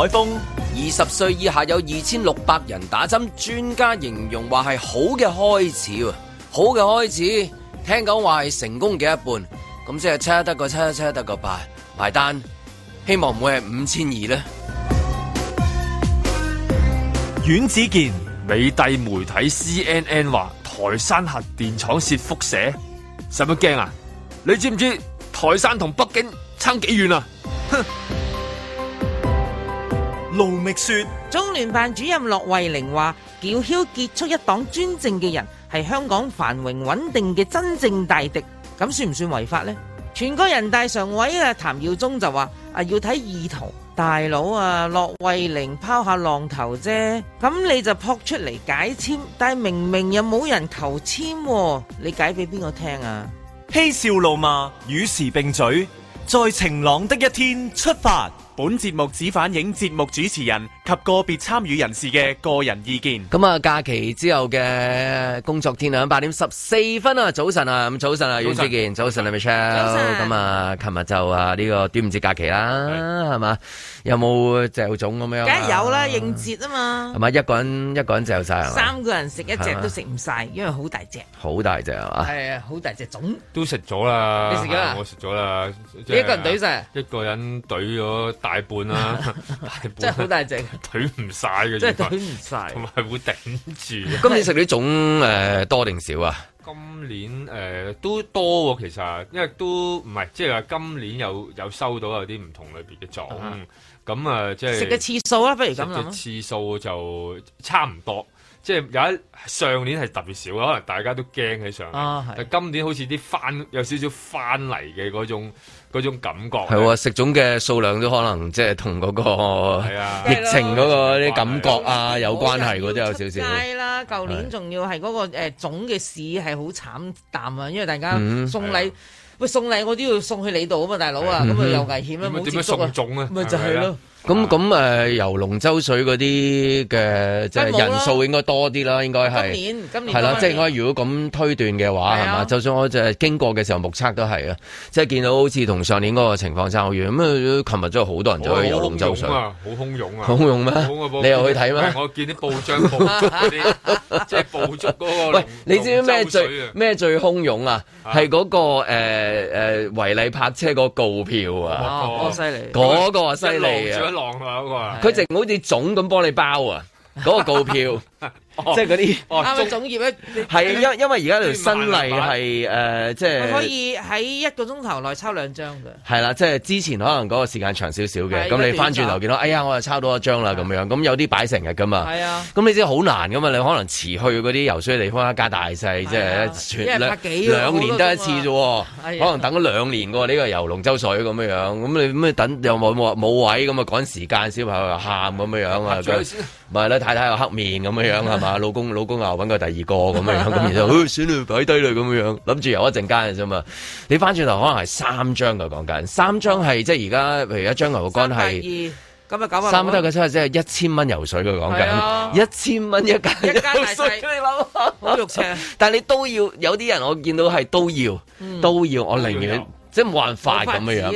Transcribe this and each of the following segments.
海峰，二十歲以下有二千六百人打針，專家形容話係好嘅開始，好嘅開始。聽講話係成功嘅一半，咁即係七得個七，七得個八，埋單。希望唔會係五千二啦。阮子健，美帝媒體 C N N 話台山核電廠洩輻射，使乜驚啊？你知唔知台山同北京差幾遠啊？哼！ 杜密說，中聯辦主任駱惠寧話，叫囂結束一黨專政嘅人係香港繁榮穩定嘅真正大敵，咁算唔算違法呢？全國人大常委啊譚耀宗就話啊要睇意圖，大佬啊駱惠寧拋下浪頭啫，咁你就撲出嚟解籤，但係明明又冇人求籤，啊，你解俾邊個聽啊？嬉笑怒罵，與時並舉，在晴朗的一天出發。本節目只反映節目主持人。及個別參與人士嘅個人意見。咁啊，假期之後嘅工作天啊，八點十四分啊，早晨啊，咁早晨啊，晨袁子健、啊，早晨啊 Michelle 咁啊，琴日就啊，呢、呢個端午節假期啦，係嘛？有冇嚼粽咁樣、啊？梗係有啦，應節啊嘛。係嘛，一個人一個人嚼晒，三個人食一隻都食唔晒，因為好大隻。好大隻係、啊、嘛？係好、啊、大隻粽都食咗啦，你食咗啦？我食咗啦，一個人懟晒，一個人懟咗大半啦、啊，真係好大隻。退唔晒嘅，即係退唔晒，同埋會頂住。 今年食呢種誒、呃、多定少啊？今年誒、呃、都多、哦、其實，因為都唔係，即係話今年有有收到有啲唔同類別嘅種。Uh huh. 咁、嗯、啊，即係食嘅次數啦，不如咁嘅次數就差唔多，即係有一上年係特別少，可能大家都驚喺上。啊，但今年好似啲翻有少少翻嚟嘅嗰種嗰種感覺。食種嘅數量都可能即係同嗰個疫情嗰個啲感覺啊有關係，嗰啲有少少。梗係啦，舊年仲要係嗰、那個總嘅、呃、市係好慘淡啊，因為大家送禮。喂，送禮我都要送去你度啊嘛，大佬啊，咁、嗯、啊又危險啊，冇接觸。咁咪點樣送種啊？咪就係、是、咯。咁咁誒遊龍舟水嗰啲嘅即係人數應該多啲啦，應該係、哎、今年今年係啦，即係、就是、如果咁推斷嘅話，係嘛？就算我就係經過嘅時候目測都係啊，即係、就是、見到好似同上年嗰個情況差好遠。咁啊，琴日都係好多人走去遊龍舟水好洶湧啊！好洶湧咩？你又去睇咩？我見啲報章啊！即係捕捉嗰 個。喂，你知唔知咩最咩最洶湧啊？係、啊、嗰、那個誒誒、呃、違例泊車個告票啊！哇，好犀利！嗰個啊，犀利啊！那個哦啊啊那個浪啊，佢淨唔好似粽咁幫你包啊，嗰、嗰個告票。 哦、即係嗰啲，啱、哦、啊！總結咧，係因因為而家條新例係誒、呃，即係可以喺一個鐘頭內抽兩張嘅。係啦，即係之前可能嗰個時間長少少嘅，咁你翻轉頭見到，哎呀，我又抽到一張啦，咁樣咁有啲擺成日噶嘛。係啊，咁你知好難噶嘛？你可能遲去嗰啲游水嘅地方一家大細，即係一兩年得一次啫，可能等咗兩年喎。呢、呢個遊龍舟水咁樣樣，咁你等有冇冇位咁啊？趕時間小朋友又喊咁樣樣啊！唔係啦，太太又黑面咁樣樣係嘛，老公 老公又搵個第二個咁、 哎、樣，咁然後，唉，算啦擺低啦咁樣樣，諗住游一陣間嘅啫嘛。你翻轉頭，可能係三張佢講緊，三張係即係而家，譬如一張牛角乾係，咁啊咁啊，三都得嘅，即係一千蚊游水佢講緊，一千蚊一間，一間係細，你諗，我肉赤， 但係你都要，有啲人我見到係都要、嗯，都要，我寧願。即係冇辦法咁嘅樣，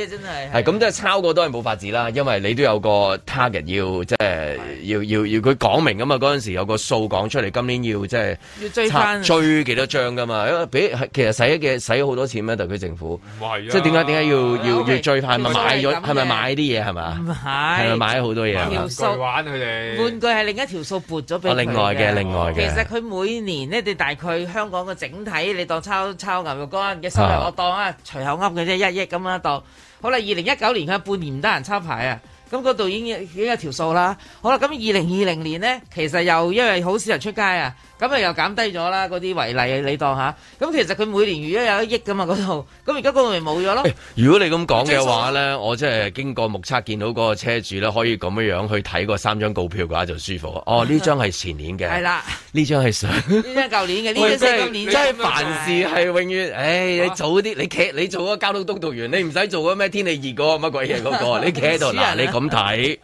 係咁即係抄過都係冇法子啦。因為你都有個 target 要即係要係要要佢講明噶嘛。嗰陣時有個數講出嚟，今年要即係追翻追幾多張噶嘛？因為俾其實使嘅使好多錢咩？特區政府，啊、即係點解點解要的要的要，要追翻？咪買咗係咪買啲嘢係咪？唔係咪買咗好多嘢？條數玩佢哋，換句係另一條數撥咗俾外嘅。另外嘅、啊。其實佢每年呢，你大概香港嘅整體，你當抄抄，抄牛肉乾嘅收入、啊，我當啊隨口噏嘅。即係一億咁樣度好啦。二零一九年佢半年唔得人抄牌啊，咁嗰度已經已經有條數啦。好啦，咁二零二零年呢，其實又因為好少人出街啊。咁啊，又減低咗啦！嗰啲違例，你當下，咁其實佢每年預咗有一億噶嘛嗰度，咁而家嗰度咪冇咗咯。如果你咁講嘅話咧、啊，我真係經過目測見到嗰個車主咧，可以咁樣樣去睇嗰三張告票嘅話就舒服。哦，呢張係前年嘅，呢 張係上 一張，呢 張舊年嘅，呢張係舊年嘅。年 真係凡事係永遠，唉！早啲你企，你做個交通督導員，你唔使做嗰咩天氣熱嗰乜鬼嘢嗰、嗰個， 你企喺度。嗱、 啊，你咁睇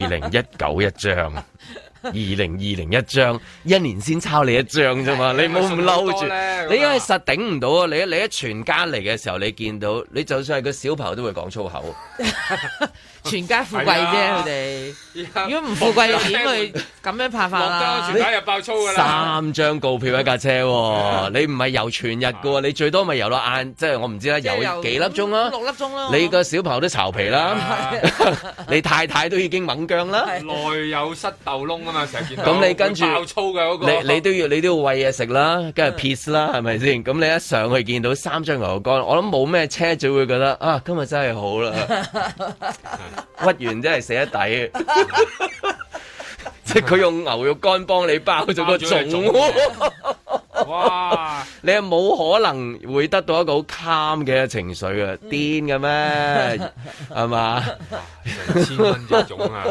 二零一九一張。 二零二零一張，一年先抄你一張啫嘛，你唔好咁嬲住，你應該實頂唔到啊！你你一全家嚟嘅時候，你見到你就算係個小朋友都會講粗口， 全家富貴啫佢哋。如果唔富貴點會咁樣拍法全家爆粗啊？三張告票一架車， 你唔係游全日嘅， 你最多咪游到晏，即、就、係、是、我唔知啦，游、就是、幾粒鐘啦，六粒鐘啦。你個小朋友都巢皮啦， 是的 你太太都已經猛僵啦，內 有塞豆窿。咁你跟住、嗰個，你你都要你都要餵嘢食啦，跟住 peace 啦，係咪先？咁你一上去見到三張牛肉乾，我諗冇咩車，就會覺得啊，今日真係好啦，屈 完 真係死得抵， 即係佢用牛肉乾幫你包咗個粽。哇！你係冇可能會得到一個好 calm 嘅情緒、嗯、啊，癲嘅咩係嘛？千蚊一種啊！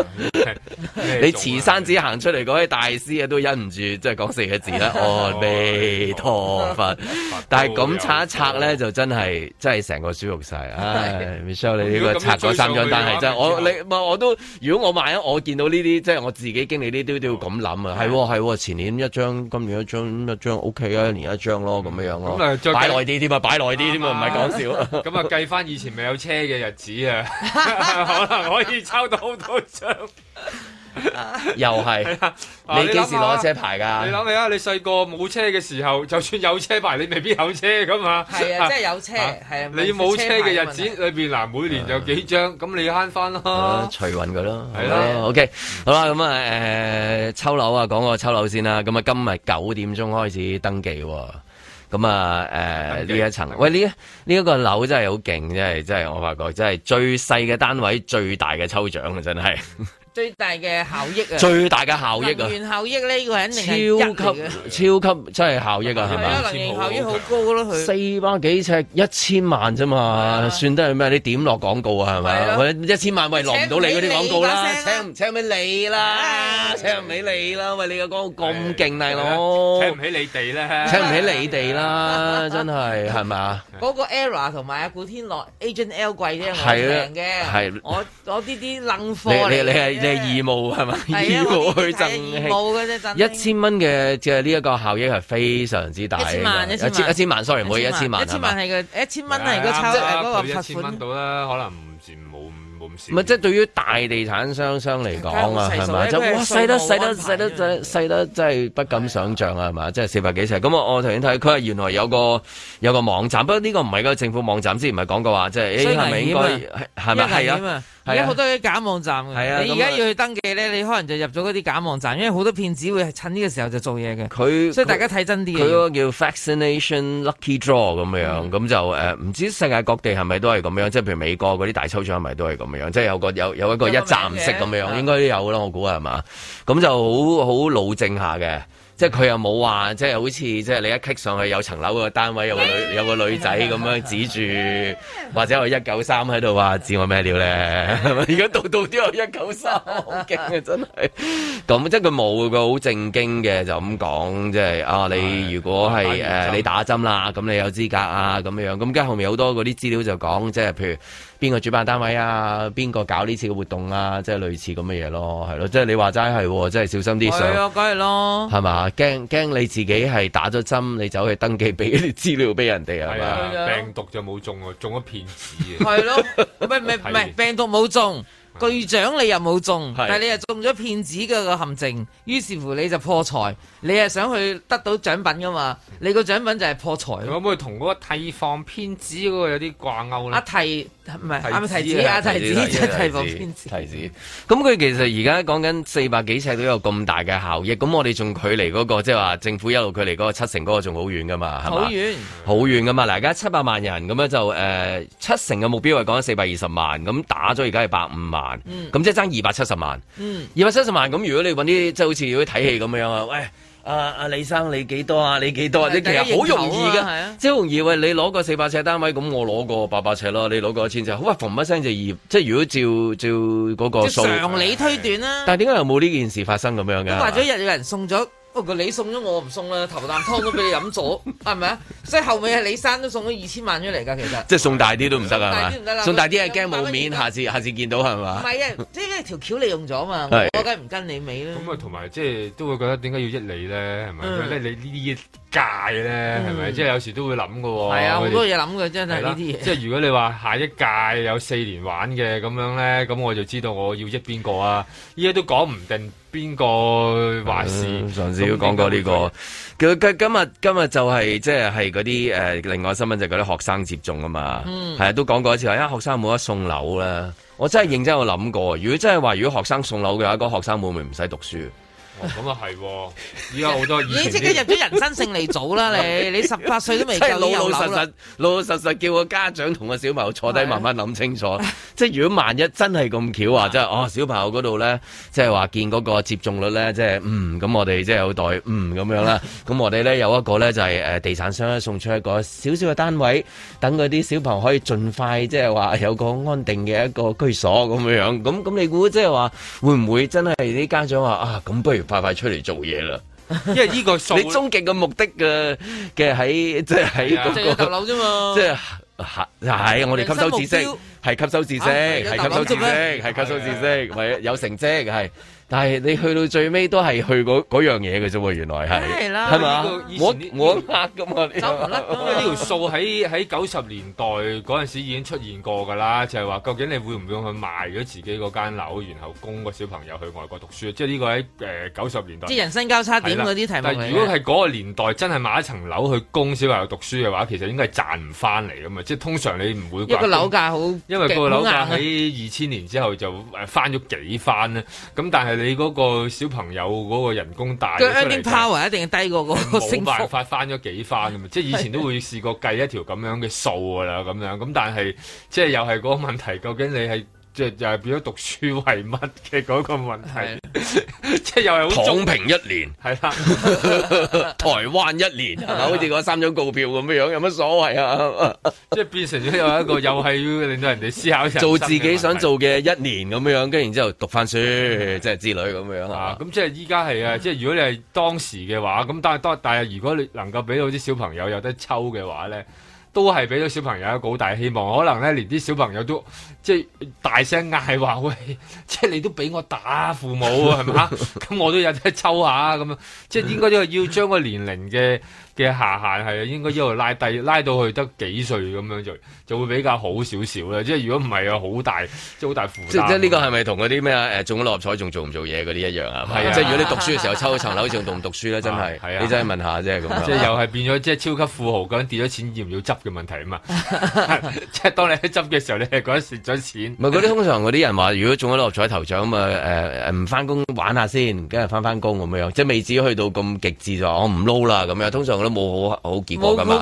你慈山子行出嚟嗰位大師啊，都忍唔住，即係講四個字啦：，哦，彌、哎、陀佛！哎、但係咁拆一拆咧、啊，就真係真係成個舒服晒啊！Michelle，你呢、這個拆咗三張單係真，我,真我你唔係我都，如果我萬一我見到呢啲，即係我自己經歷呢，啲，都要咁諗啊！係、哦、係、哦哦哦、前年一張，今年一張，一張。O K 啦，一年一張咯，咁、嗯、樣樣咯、嗯嗯，再擺耐啲添啊，擺耐啲添啊，唔係講笑。咁啊，計翻以前未有車嘅日子啊， 可，能可以抽到好多張。啊、又係、啊，你幾時攞車牌噶？你諗下啊，你細個冇車嘅時候，就算有車牌，你未必有車噶嘛。係啊，即係、啊就是、有車，係啊。你冇、啊、車嘅日子裏邊嗱、啊，每年就幾張，咁、啊、你慳翻咯。除運佢咯，係咯、啊 okay, 啊。OK，好啦，咁啊，誒、呃，抽樓啊，講個抽樓先啦。咁啊，今日九點鐘開始登記，咁啊，誒、呃，呢一層，喂，呢呢一個樓、這個、真係好勁，真係真係，我發覺真係最細嘅單位，的最大嘅抽獎啊，真係。最大嘅效益啊！最大嘅效益啊！能源效益咧，要肯定係超級、超級真係效益啊，係咪？能源效益好高咯，佢四百幾尺一千萬啫嘛，算得係咩？你點落廣告啊？係咪？一千萬喂，落唔到你嗰啲廣告啦！請請唔起你啦！請唔起你啦！喂，你嘅廣告咁勁大佬！請唔起你哋咧？請唔起你哋啦！真係係咪？嗰個 Era 同埋阿古天樂、Agent L 貴啲，我平嘅，我我啲啲冷貨嚟。你你係？你係義務係咪？義務去爭一千蚊嘅嘅呢一個效益係非常之大嘅。一千一千 sorry，唔會一千萬。一千萬係嘅、嗯，一千蚊係、那個抽嗰個筆款到啦。嗯就是、可能唔似冇冇咁少。唔係即係對於大地產商商嚟講啊，係嘛？即係、就是、哇，細得細得細得細得真係不敢想象啊，係嘛？即、就、係、是、四百幾呎咁啊！那我頭先睇佢話原來有個有個網站，不過呢個唔係個政府網站，之前咪講過話即係，係咪應該係咪係啊？欸而好多啲假網站嘅，啊，你而家要去登記咧，嗯，你可能就入咗嗰啲假網站，因為好多騙子會係趁呢個時候就做嘢嘅。佢所以大家睇真啲。佢嗰個叫 vaccination lucky draw 咁樣，咁、嗯、就誒唔、呃、知世界各地係咪都係咁樣？即係譬如美國嗰啲大抽獎係咪都係咁樣，即係有個有有一個一站式咁樣，啊，應該都有啦我估係嘛？咁就好好老正下嘅。即係佢又冇話，即係好似即係你一 kick 上去有層樓個單位有個女有個女仔咁樣指住，或者193我一九三喺度話指我咩料咧？而家度度都有, 193，有一九三，好驚啊！真係，咁即係佢冇個好正經嘅就咁講，即係你如果係誒你打針啦，咁你，你有資格啊咁樣，咁跟住後面好多嗰啲資料就講，即係譬如。邊個主辦單位啊？邊個搞呢次嘅活動啊？即係類似咁嘅嘢咯，係咯，即係你話齋係，即係小心啲。係啊，梗係咯。係嘛？驚驚你自己係打咗針，你走去登記俾啲資料俾人哋啊？係啊，病毒就冇中，中 啊，中咗騙子啊！係咯，唔係唔係病毒冇中。巨獎你又冇中，但係你又中咗騙子嘅陷阱，於是乎你就破財。你係想去得到獎品噶嘛？你個獎品就係破財。可唔可以同嗰個替放騙子嗰個有啲掛鈎咧？啊提唔係啊，提子啊，提子啊，提放騙子提子。咁佢、嗯嗯、其實而家講緊四百幾尺都有咁大嘅效益，咁我哋仲距離嗰、嗰個即係話政府一路距離嗰、嗰個七成嗰個仲好遠噶嘛？遠。係嘛？好遠，好遠噶嘛？嗱，而家七百萬人咁樣就誒七、呃、成嘅目標係講緊四百二十萬，咁打咗而家係百五萬。咁即係爭二百七十萬，二百七十萬。咁如果你搵啲即係好似如果睇戲咁樣啊，喂，阿、啊、阿李生，你幾多啊？你幾多啊？你其實好容易嘅，即係好容易喂。你攞個四百尺單位，咁我攞個八百尺咯。你攞個一千尺，哇，馮一聲就二。即係如果照照嗰個數，常、就是、理推斷啦、啊啊啊啊。但係點解又冇呢件事發生咁樣嘅？或者咗日，有人送咗。不過你送咗我唔送啦，頭啖湯都俾你飲咗，係咪啊？即係後尾啊，李生都送咗二千萬出嚟噶，其實即係送大啲都唔得啊嘛，送大啲係驚冇面，不然不然下次下次見到係、啊、 嘛？唔係啊，即係條橋利用咗嘛，我梗係唔跟你尾啦。咁啊，同埋即係都會覺得點解要益你咧？係咪？即係你呢？啲。嗯界咧，係咪、嗯？即係有時都會諗嘅。係啊，好多嘢諗嘅，真係呢啲嘢。即係如果你話下一屆有四年玩嘅咁樣咧，咁我就知道我要益邊個啊？依家都講唔定邊個話事。上次都講過呢、這個。佢、嗯，這個、今今日今日就係即係係嗰啲誒，另外新聞就係嗰啲學生接種啊嘛。嗯。係啊，都講過一次話，因為學生冇得送樓啦。我真係認真，我諗過，如果真係話，如果學生送樓嘅話，嗰、那個學生會唔會唔使讀書？咁咁啊係，依家好多以 你即刻入咗人生性利組啦！你你十八歲都未夠，就是，老老實實老老實實叫個家長同個小、啊 啊啊、小朋友坐低慢慢諗清楚。即係如果萬一真係咁巧話，即係哦小朋友嗰度咧，即係話見嗰個接種率咧，即係嗯咁我哋即係有待嗯咁樣啦。咁、啊、我哋咧有一個咧就係、是、地產商咧送出一個少少嘅單位，等嗰啲小朋友可以盡快即係話有個安定嘅一個居所咁樣，咁咁你估即係話會唔會真係啲家長話啊咁不如？快快出嚟做嘢啦！因為呢個你終極嘅目的嘅嘅喺即係喺嗰個搭樓啫嘛，即係係我哋吸收知識，係吸收知識，係吸收知識，係吸收知識，係有成績係。但係你去到最尾都係去嗰嗰樣嘢嘅啫喎，原來係，係啦、這個，我我黑咁啊，因為呢條數喺喺九十年代嗰陣時已經出現過噶啦，就係、是、話究竟你會唔會去賣咗自己嗰間樓，然後供個小朋友去外國讀書？即係呢個喺誒九十年代，即人生交叉點嗰啲題目。如果係嗰個年代真係買一層樓去供小朋友讀書嘅話，其實應該係賺唔翻嚟噶嘛，即係通常你唔會一個樓價好，因為個樓價喺二千年之後就翻咗幾番咁 但，但你嗰個小朋友嗰個人工大，佢 ending power 一定低過嗰個升幅，冇辦法翻咗幾番，啊！即係以前都會試過計一條咁樣嘅數㗎啦，咁樣咁，但係即係又係嗰個問題，究竟你係？即係又係變咗讀書為乜嘅嗰個問題是、啊，即 係又係躺平一年，係啦、啊， 台灣一年，啊、好似嗰三張告票咁樣，有乜所謂啊？即 係變成咗有一個又係令到人哋思考，做自己想做嘅一年咁樣，跟然之後讀翻書即係、啊啊、之類咁樣啊！咁、啊啊、即係依家係啊！即係如果你係當時嘅話，咁但係但係如果你能夠俾到啲小朋友有得抽嘅話咧。都係俾咗小朋友一個好大希望，可能咧連啲小朋友都即係大聲嗌話喂，即係你都俾我打父母係係咪啊？咁 我都有得抽下咁樣，即係應該都要，要將個年齡嘅。嘅下限係應該一路拉低，拉到去得幾歲咁樣就就會比較好少少啦。即係如果唔係啊，好大即係好大負擔即。即係呢個係咪同嗰啲咩啊？誒、呃、中咗六合彩仲做唔做嘢嗰啲一樣啊？係 即係如果你讀書嘅時候抽咗層樓，仲讀唔讀書咧？真係，係啊，你真係問下啫咁啊。即係又係變咗即係超級富豪咁跌咗錢要唔要執嘅問題啊嘛？ 即係當你喺執嘅時候，你係覺得蝕咗錢。唔係嗰啲通常嗰啲人話，如果中咗六合彩頭獎啊，誒唔翻工玩下先，梗係翻翻工咁樣，即係未至於去到咁極致就話我唔撈啦咁樣。通常冇好好結果噶嘛，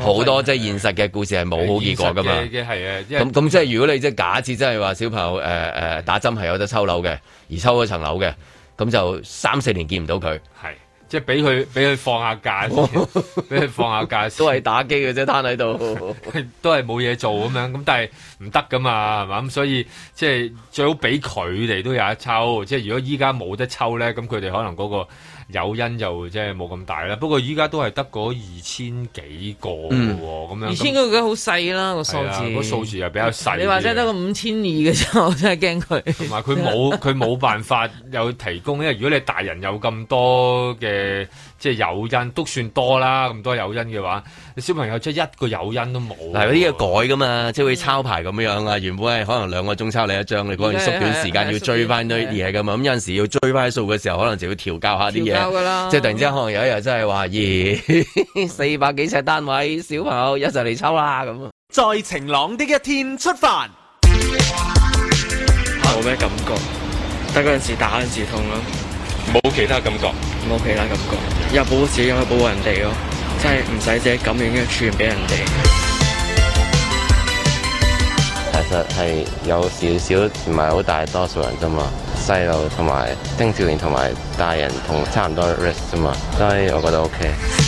好多即係現實嘅故事係冇好結果噶嘛。係啊，咁咁即係如果你即係假設真係話小朋友誒誒、呃、打針係有得抽樓嘅，而抽咗層樓嘅，咁就三四年見唔到佢。係即係俾佢俾佢放下假，俾 佢放下假， 都係打機嘅啫，攤喺度都係冇嘢做咁樣。咁但係唔得噶嘛，係嘛，咁，所以即係最好俾佢哋都有得抽。即係如果依家冇得抽咧，咁佢哋可能嗰、嗰個。誘因就即係冇咁大啦，不過依家都係得嗰二千幾個喎，咁、嗯、樣二千幾個好細啦個數字，個、啊、數字又比較細。你話真係得個五千二嘅啫， 我真係驚佢。同埋佢冇佢冇辦法有提供，因為如果你大人有咁多嘅。即係誘因都算多啦，咁多誘因嘅話，你小朋友即係一個誘因都冇。嗱，嗰啲要改噶嘛，嗯、即係會抄牌咁樣樣啊。原本係可能兩個鐘抄你一張，你嗰陣縮短時間要追翻呢啲嘢噶嘛。咁、嗯嗯、有陣時要追翻數嘅時候，嗯、可能就要調教下啲嘢。啦。即係突然之間可能有一日真係話，咦、欸，四百幾尺單位小朋友一陣嚟抽啦咁。在晴朗的一天出發。冇咩感覺，得係嗰陣時打嗰陣時痛咯、啊，冇其他感覺。冇 K 啦，感覺又保護自己，又保護人哋咯，真係唔使自己咁樣嘅傳俾人哋。其實係有少少唔係好大多數人啫嘛，細路同埋青少年同埋大人同差唔多 risk 啫嘛，所以我覺得 O、OK、K。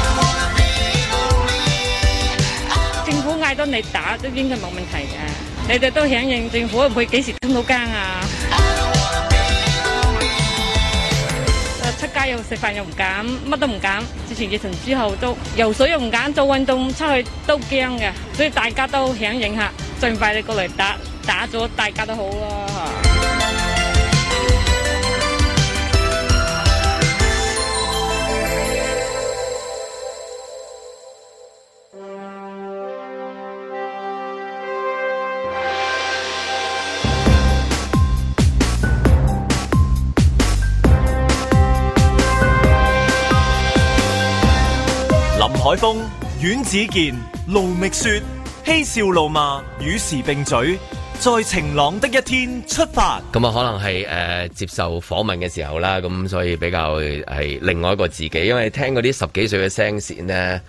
太多你打都應該冇問題嘅，你哋都響應政府，會唔會幾時通到街啊？出街又食飯又唔敢，乜都唔敢。之前疫情之後都游水又唔敢，做運動出去都驚嘅，所以大家都響應下，儘快你過嚟打打咗，大家都好咯。海峰、阮子健、盧覓雪、嬉笑怒罵、與時並嘴，在晴朗的一天出發。咁啊，可能係誒、呃、接受訪問嘅時候啦，咁、嗯、所以比較係另外一個自己，因為聽啲十幾歲嘅聲線咧，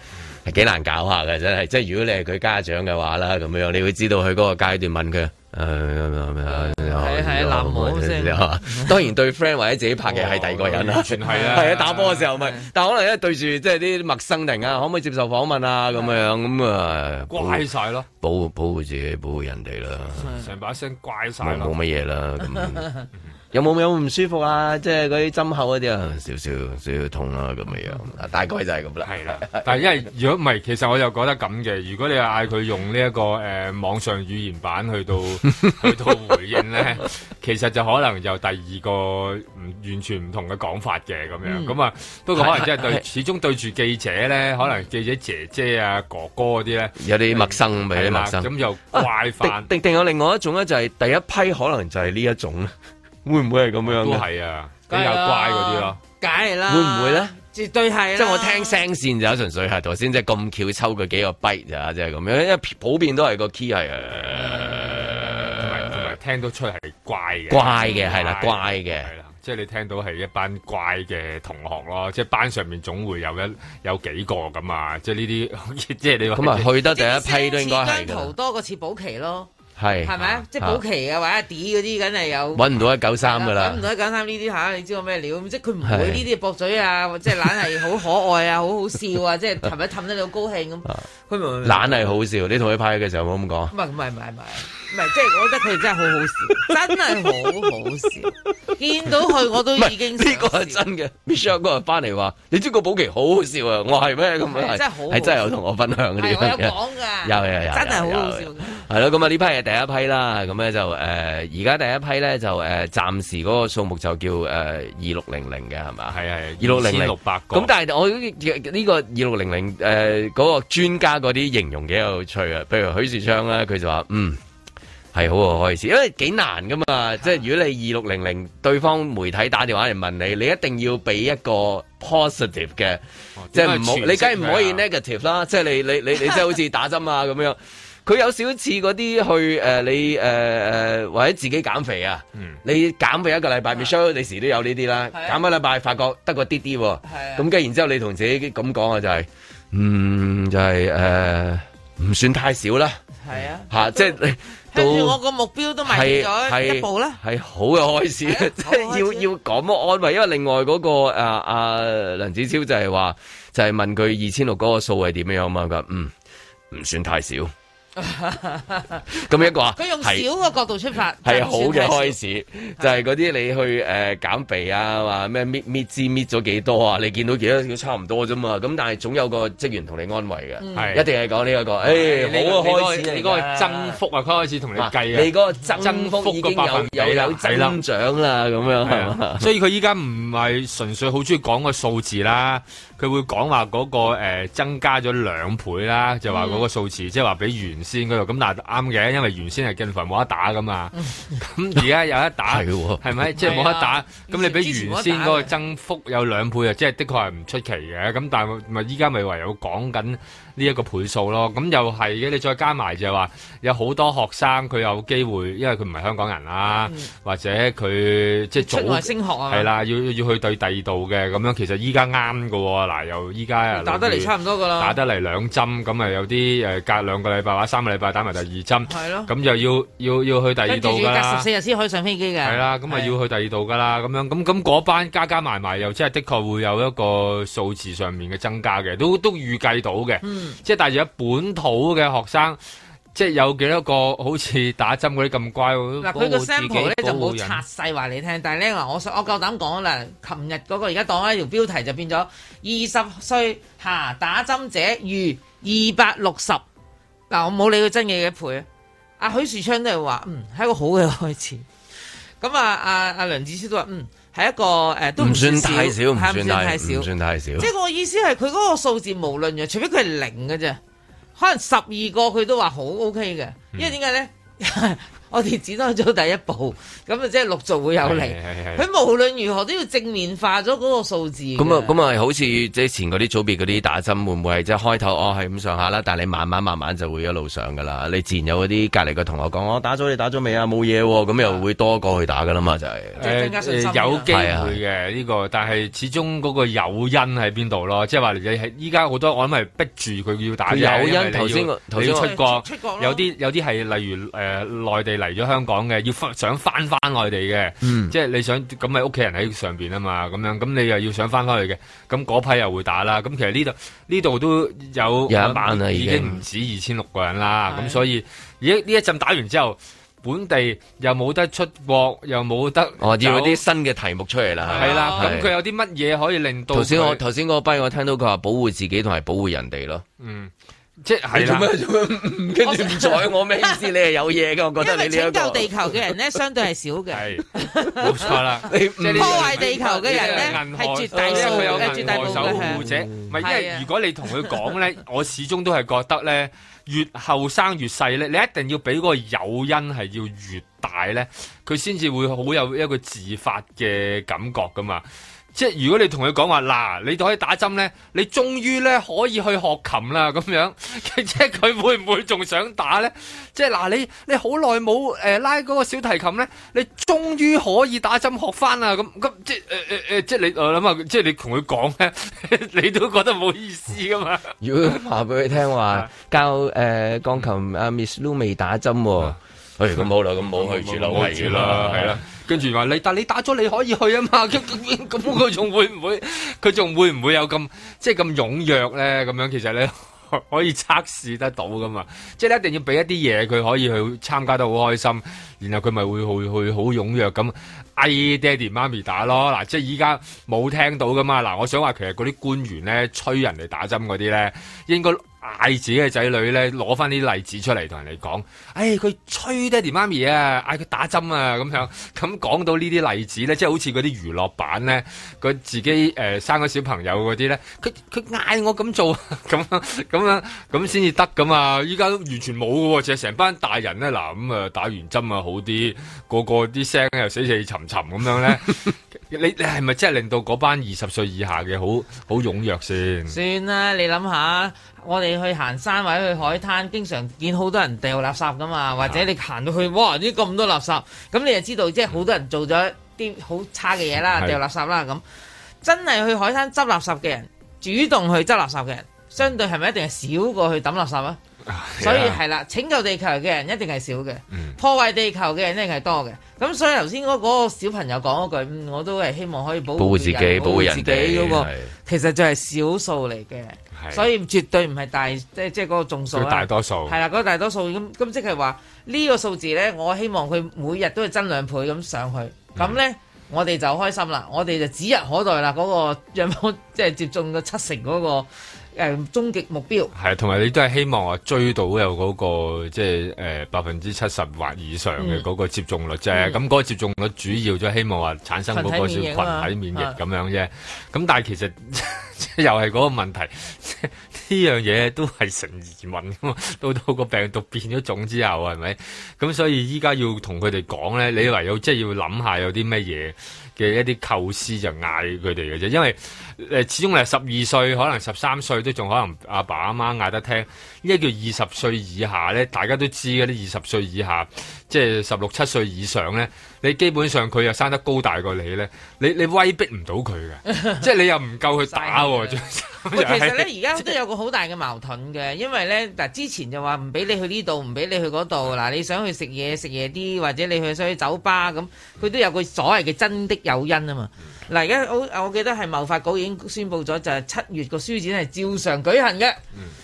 係幾難搞下嘅，真係。即係如果你係佢家長嘅話啦，咁樣你會知道佢個階段問佢誒。呃嗯嗯嗯係係，冷漠先吓。當然對 friend 或者自己拍嘅係第二個人啦。係 啊、哦，係、哦、啊，哦、 打波嘅時候咪、就是。但可能咧對住即係啲陌生人啊，可唔可以接受訪問啊？咁樣咁啊，乖晒咯，保護保護自己，保護人哋啦。成把聲乖晒冇乜嘢啦。 這樣 有冇有唔舒服啊？即係嗰啲針口嗰啲啊，少少少少痛啦，咁嘅樣，大概就係咁啦。係啦，但係因為如果唔係，其實我又覺得咁嘅。如果你嗌佢用呢一個誒網上語言版去到去到回應咧，其實就可能有第二個唔完全唔同嘅講法嘅咁樣。咁啊，不過可能即係對，始終對住記者咧，可能記者姐姐啊、哥哥嗰啲咧，有啲陌生，咪啲陌生，咁又怪煩。定定有另外一種咧，就係第一批，可能就係呢一種。會唔會係咁樣？係係啊，比較、啊、乖嗰啲咯，梗係啦。會唔會咧？絕對係。即係我聽聲線就純粹係，頭先即係咁巧抽佢幾個 byte 啊，即係咁樣，因為普遍都係個 key 係、呃，啊、嗯！埋、嗯嗯、聽到出嚟係乖嘅。乖嘅係啦，乖嘅、啊，即係你聽到係一班乖嘅同學咯，即係班上面總會有一有幾個咁啊，即係呢啲，即係你話。咁啊，去得第一批都應該係嘅。啊啊、多過次保期咯。係，係咪啊？即保錡嘅、啊啊，或者阿 D 嗰啲梗係有，搵唔到一九三噶啦，搵唔、啊、到一九三呢啲嚇，你知道咩料？即佢唔會呢啲駁嘴啊，啊即懶係好可愛啊，好 好笑啊，即氹一氹得到，高興咁，佢唔會懶係好笑。你同佢拍嘅時候冇咁講。唔係，唔係，唔係，唔係。唔係，即係我覺得佢哋真係好好笑，真係好好笑。 見到佢我都已經呢個係真嘅。 Michelle 嗰日翻嚟話：你知個保期好好笑啊！我係咩咁？係、嗯、真係有同我分享嘅啲我有講㗎，有有有，真係好好笑嘅。係咯，咁啊呢批係第一批啦。咁咧就誒，而家第一批咧就誒，暫時嗰個數目就叫誒二六零零嘅，係、呃、嘛？係係二六零零六百個2600、呃。咁但係我呢個二六零零誒嗰個專家嗰啲形容幾有趣啊！譬如許樹昌咧，佢就話：嗯。係好啊，開始，因為幾難噶嘛，是啊、即係如果你二六零零，對方媒體打電話嚟問你，你一定要俾一個 positive 嘅，即係唔好，你梗係唔可以 negative 啦， 即係你你你你即係好似打針啊咁樣，佢有少次嗰啲去誒、呃、你誒誒、呃、或者自己減肥啊，嗯、你減肥一個禮拜 Michelle 你時都有呢啲啦，減、啊、一禮拜發覺得個啲啲，咁跟、啊、然之後你同自己咁講、啊、就係、是、嗯就係誒唔算太少啦，係啊、吓、嗯啊、即係你。跟住我個目標都迷咗一步啦，係好嘅開始，即係 要要咁安慰。因為另外嗰、那個誒阿林子超就係話，就係、是、問佢二千六嗰個數係點樣啊嘛，咁嗯唔算太少。咁 一個啊，佢用小個角度出發，係好嘅開始，就係嗰啲你去誒減、呃、肥啊，話咩搣搣脂搣咗幾多啊？你見到幾多都差唔多啫嘛，咁但係總有個職員同你安慰嘅，係、嗯、一定係講呢一個，誒、哎，好嘅開始，你個增幅啊，佢開始同你計啊，你個增幅已經有有，有增長啦，咁樣係所以佢依家唔係純粹好中意講個數字啦。佢會講話嗰個、呃、增加咗兩倍啦，就話嗰個數字，嗯、即係話比原先嗰度咁，但係啱嘅，因為原先係近乎冇得打㗎嘛。咁而家有得打，係 咪不是？ 即係冇得打。咁、啊、你比原先嗰個增幅有兩倍啊， 即係的確係唔出奇嘅。咁但係咪依家咪唯有講緊？呢、這、一個倍數咯，咁、嗯嗯、又係嘅。你再加埋就係話，有好多學生佢有機會，因為佢唔係香港人啦，嗯、或者佢即係出外升學啊，係啦，要要去對第二度嘅咁樣。其實依家啱㗎嗱，又依家打得嚟差唔多㗎啦，打得嚟兩針咁啊，兩有啲誒隔兩個禮拜或者三個禮拜打埋第二針，係咁就要要要去第二度啦。要隔十四日先可以上飛機嘅，係啦，咁啊要去第二度㗎啦。咁樣咁咁嗰班加加埋埋又即係的確會有一個數字上面嘅增加嘅，都都預計到嘅。嗯。嗯、即係帶住一本土嘅學生，即係有幾多個好似打針嗰啲咁乖嗱，佢個 sample 咧就冇拆細話你聽，但係咧我我夠膽講啦，琴日嗰個而家當開條標題就變咗二十歲下打針者逾二百六十，嗱我冇理佢真嘅幾啊阿許樹昌都係話嗯係一個好嘅開始，咁啊阿阿、啊啊、梁子超都話嗯。係一個誒、呃，都唔算，算太少，唔算太少，唔算太少。即係我意思係，佢嗰個數字無論嘅，除非佢係零嘅啫。可能十二個佢都話好 OK 嘅，嗯、因為點解咧？ 我哋只多咗第一步，咁啊即係陸續會有嚟。佢無論如何都要正面化咗嗰個數字。咁啊咁啊，好似之前嗰啲組別嗰啲打針，會唔會係即係開頭哦係咁上下啦？但你慢慢慢慢就會一路上㗎啦。你自然有嗰啲隔離嘅同學講：我、哦、打咗你打咗未啊？冇嘢喎。咁又會多過去打㗎啦嘛，就係、是。即係增加信心、呃、有機會嘅呢、這個，但係始終嗰個誘因喺邊度咯？即係話你係依家好多，我諗係逼住佢要打。誘因頭先頭先出國，出出出國有啲有啲係例如誒、呃、內地。嚟咗香港嘅，要想翻翻外地嘅、嗯，即係你想咁咪屋企人喺上邊啊嘛，咁樣咁你又要想翻翻去嘅，咁嗰批又會打啦。咁其實呢度呢度都有有一班啦，已經唔止二千六個人啦。咁所以而家呢一陣打完之後，本地又冇得出國，又冇得，我要啲新嘅題目出嚟啦。係啦，咁佢有啲乜嘢可以令到頭先我頭先嗰批我聽到佢話保護自己同埋保護人哋咯。嗯。即係啦，跟住唔睬我咩意思？ 你係有嘢嘅，我覺得你呢個拯救地球嘅人咧， 相對係少嘅，冇錯啦。錯 即你唔破壞地球嘅人咧，係 絕大部分嘅絕大部分者。唔係，嗯，因為如果你同佢講咧，我始終都係覺得咧，越後生越細咧，你一定要俾嗰個誘因係要越大咧，佢先至會好有一個自發嘅感覺噶嘛。即係如果你同佢講話嗱，你就可以打針咧，你終於咧可以去學琴啦，咁樣即係佢會唔會仲想打咧？即係嗱、啊，你你好耐冇誒拉嗰個小提琴咧，你終於可以打針學翻啦，咁咁即係誒誒誒，即係、呃呃、你我諗、呃、即係你同佢講咧，你都覺得唔好意思噶嘛？如果話俾佢聽話教誒、啊呃、鋼琴啊 Miss Lou 打針喎、啊，唉咁好啦，咁冇去住啦，係啦。嗯跟住話你，但你打咗你可以去啊嘛，咁佢仲會唔會佢仲會唔會有咁即係咁踴躍咧？咁樣其實你可以測試得到噶嘛，即係你一定要俾一啲嘢佢可以去參加得好開心，然後佢咪會去去好踴躍咁嗌爹哋媽咪打咯。嗱，即係依家冇聽到噶嘛。嗱，我想話其實嗰啲官員咧催人哋打針嗰啲咧，應該，嗌自己嘅仔女咧，攞翻啲例子出嚟同人哋講，誒、哎，佢吹爹哋媽咪啊，嗌佢打針啊，咁樣，咁講到呢啲例子咧，即係好似嗰啲娛樂版咧，佢自己誒、呃、生個小朋友嗰啲咧，佢佢嗌我咁做，咁咁樣，咁先至得㗎嘛！依家都完全冇嘅，就成班大人咧，嗱咁啊，打完針啊好啲，個個啲聲又死死沉沉咁樣咧， 你你係咪真係令到嗰班二十歲以下嘅好好踴躍先？算啦，你諗下。我哋去行山或者去海灘，經常見好多人掉垃圾噶嘛，或者你行到去，哇！啲咁多垃圾，咁你就知道，即係好多人做咗啲好差嘅嘢啦，掉垃圾啦，咁真係去海灘執垃圾嘅人，主動去執垃圾嘅人，相對係咪一定係少過去抌垃圾啊？所以係啦，拯救地球嘅人一定係少嘅，嗯、破壞地球嘅人一定係多嘅。咁所以頭先嗰個小朋友講嗰句，我都係希望可以保護，保護自己、保護自己嗰、嗰個，其實就係少數嚟嘅。所以絕對唔係大即即係嗰個眾數啦，係啦，嗰個大多數咁，咁即係話呢個數字咧，我希望佢每日都係增兩倍咁上去，咁咧我哋就開心啦，我哋就指日可待啦嗰、那個讓即係、就是、接種咗七成嗰、那個誒、呃、終極目標係，同埋你都係希望話追到有嗰、那個即係誒百分之七十或以上嘅嗰個接種率啫，咁、嗯、嗰、就是那個接種率主要就希望話產生嗰個少群體免疫咁、啊、樣啫，咁但係其實。 又係嗰個問題， 呢樣嘢都係成疑問㗎嘛。 到到個病毒變咗種之後，係咪？咁所以依家要同佢哋講呢，你唯有即係、就是、要諗下有啲咩嘢嘅一啲構思，就嗌佢哋嘅啫。因為、呃、始終你係十二歲，可能十三歲都仲可能阿爸阿媽嗌得聽。呢叫二十歲以下呢，大家都知嗰啲二十歲以下，即係十六七歲以上呢。你基本上佢又生得高大過你咧，你你威逼唔到佢嘅。 即係你又唔夠佢打喎、啊。 其實咧呢，而 家都有個好大嘅矛盾嘅，因為咧嗱，之前就話唔俾你去呢度，唔俾你去嗰度。嗱， 你想去食嘢食嘢啲，或者你去想去酒吧咁，佢都有個所謂嘅真的有因啊嘛。嗱， 而家我記得係貿發稿已經宣布咗，就係七月個書展係照常舉行嘅。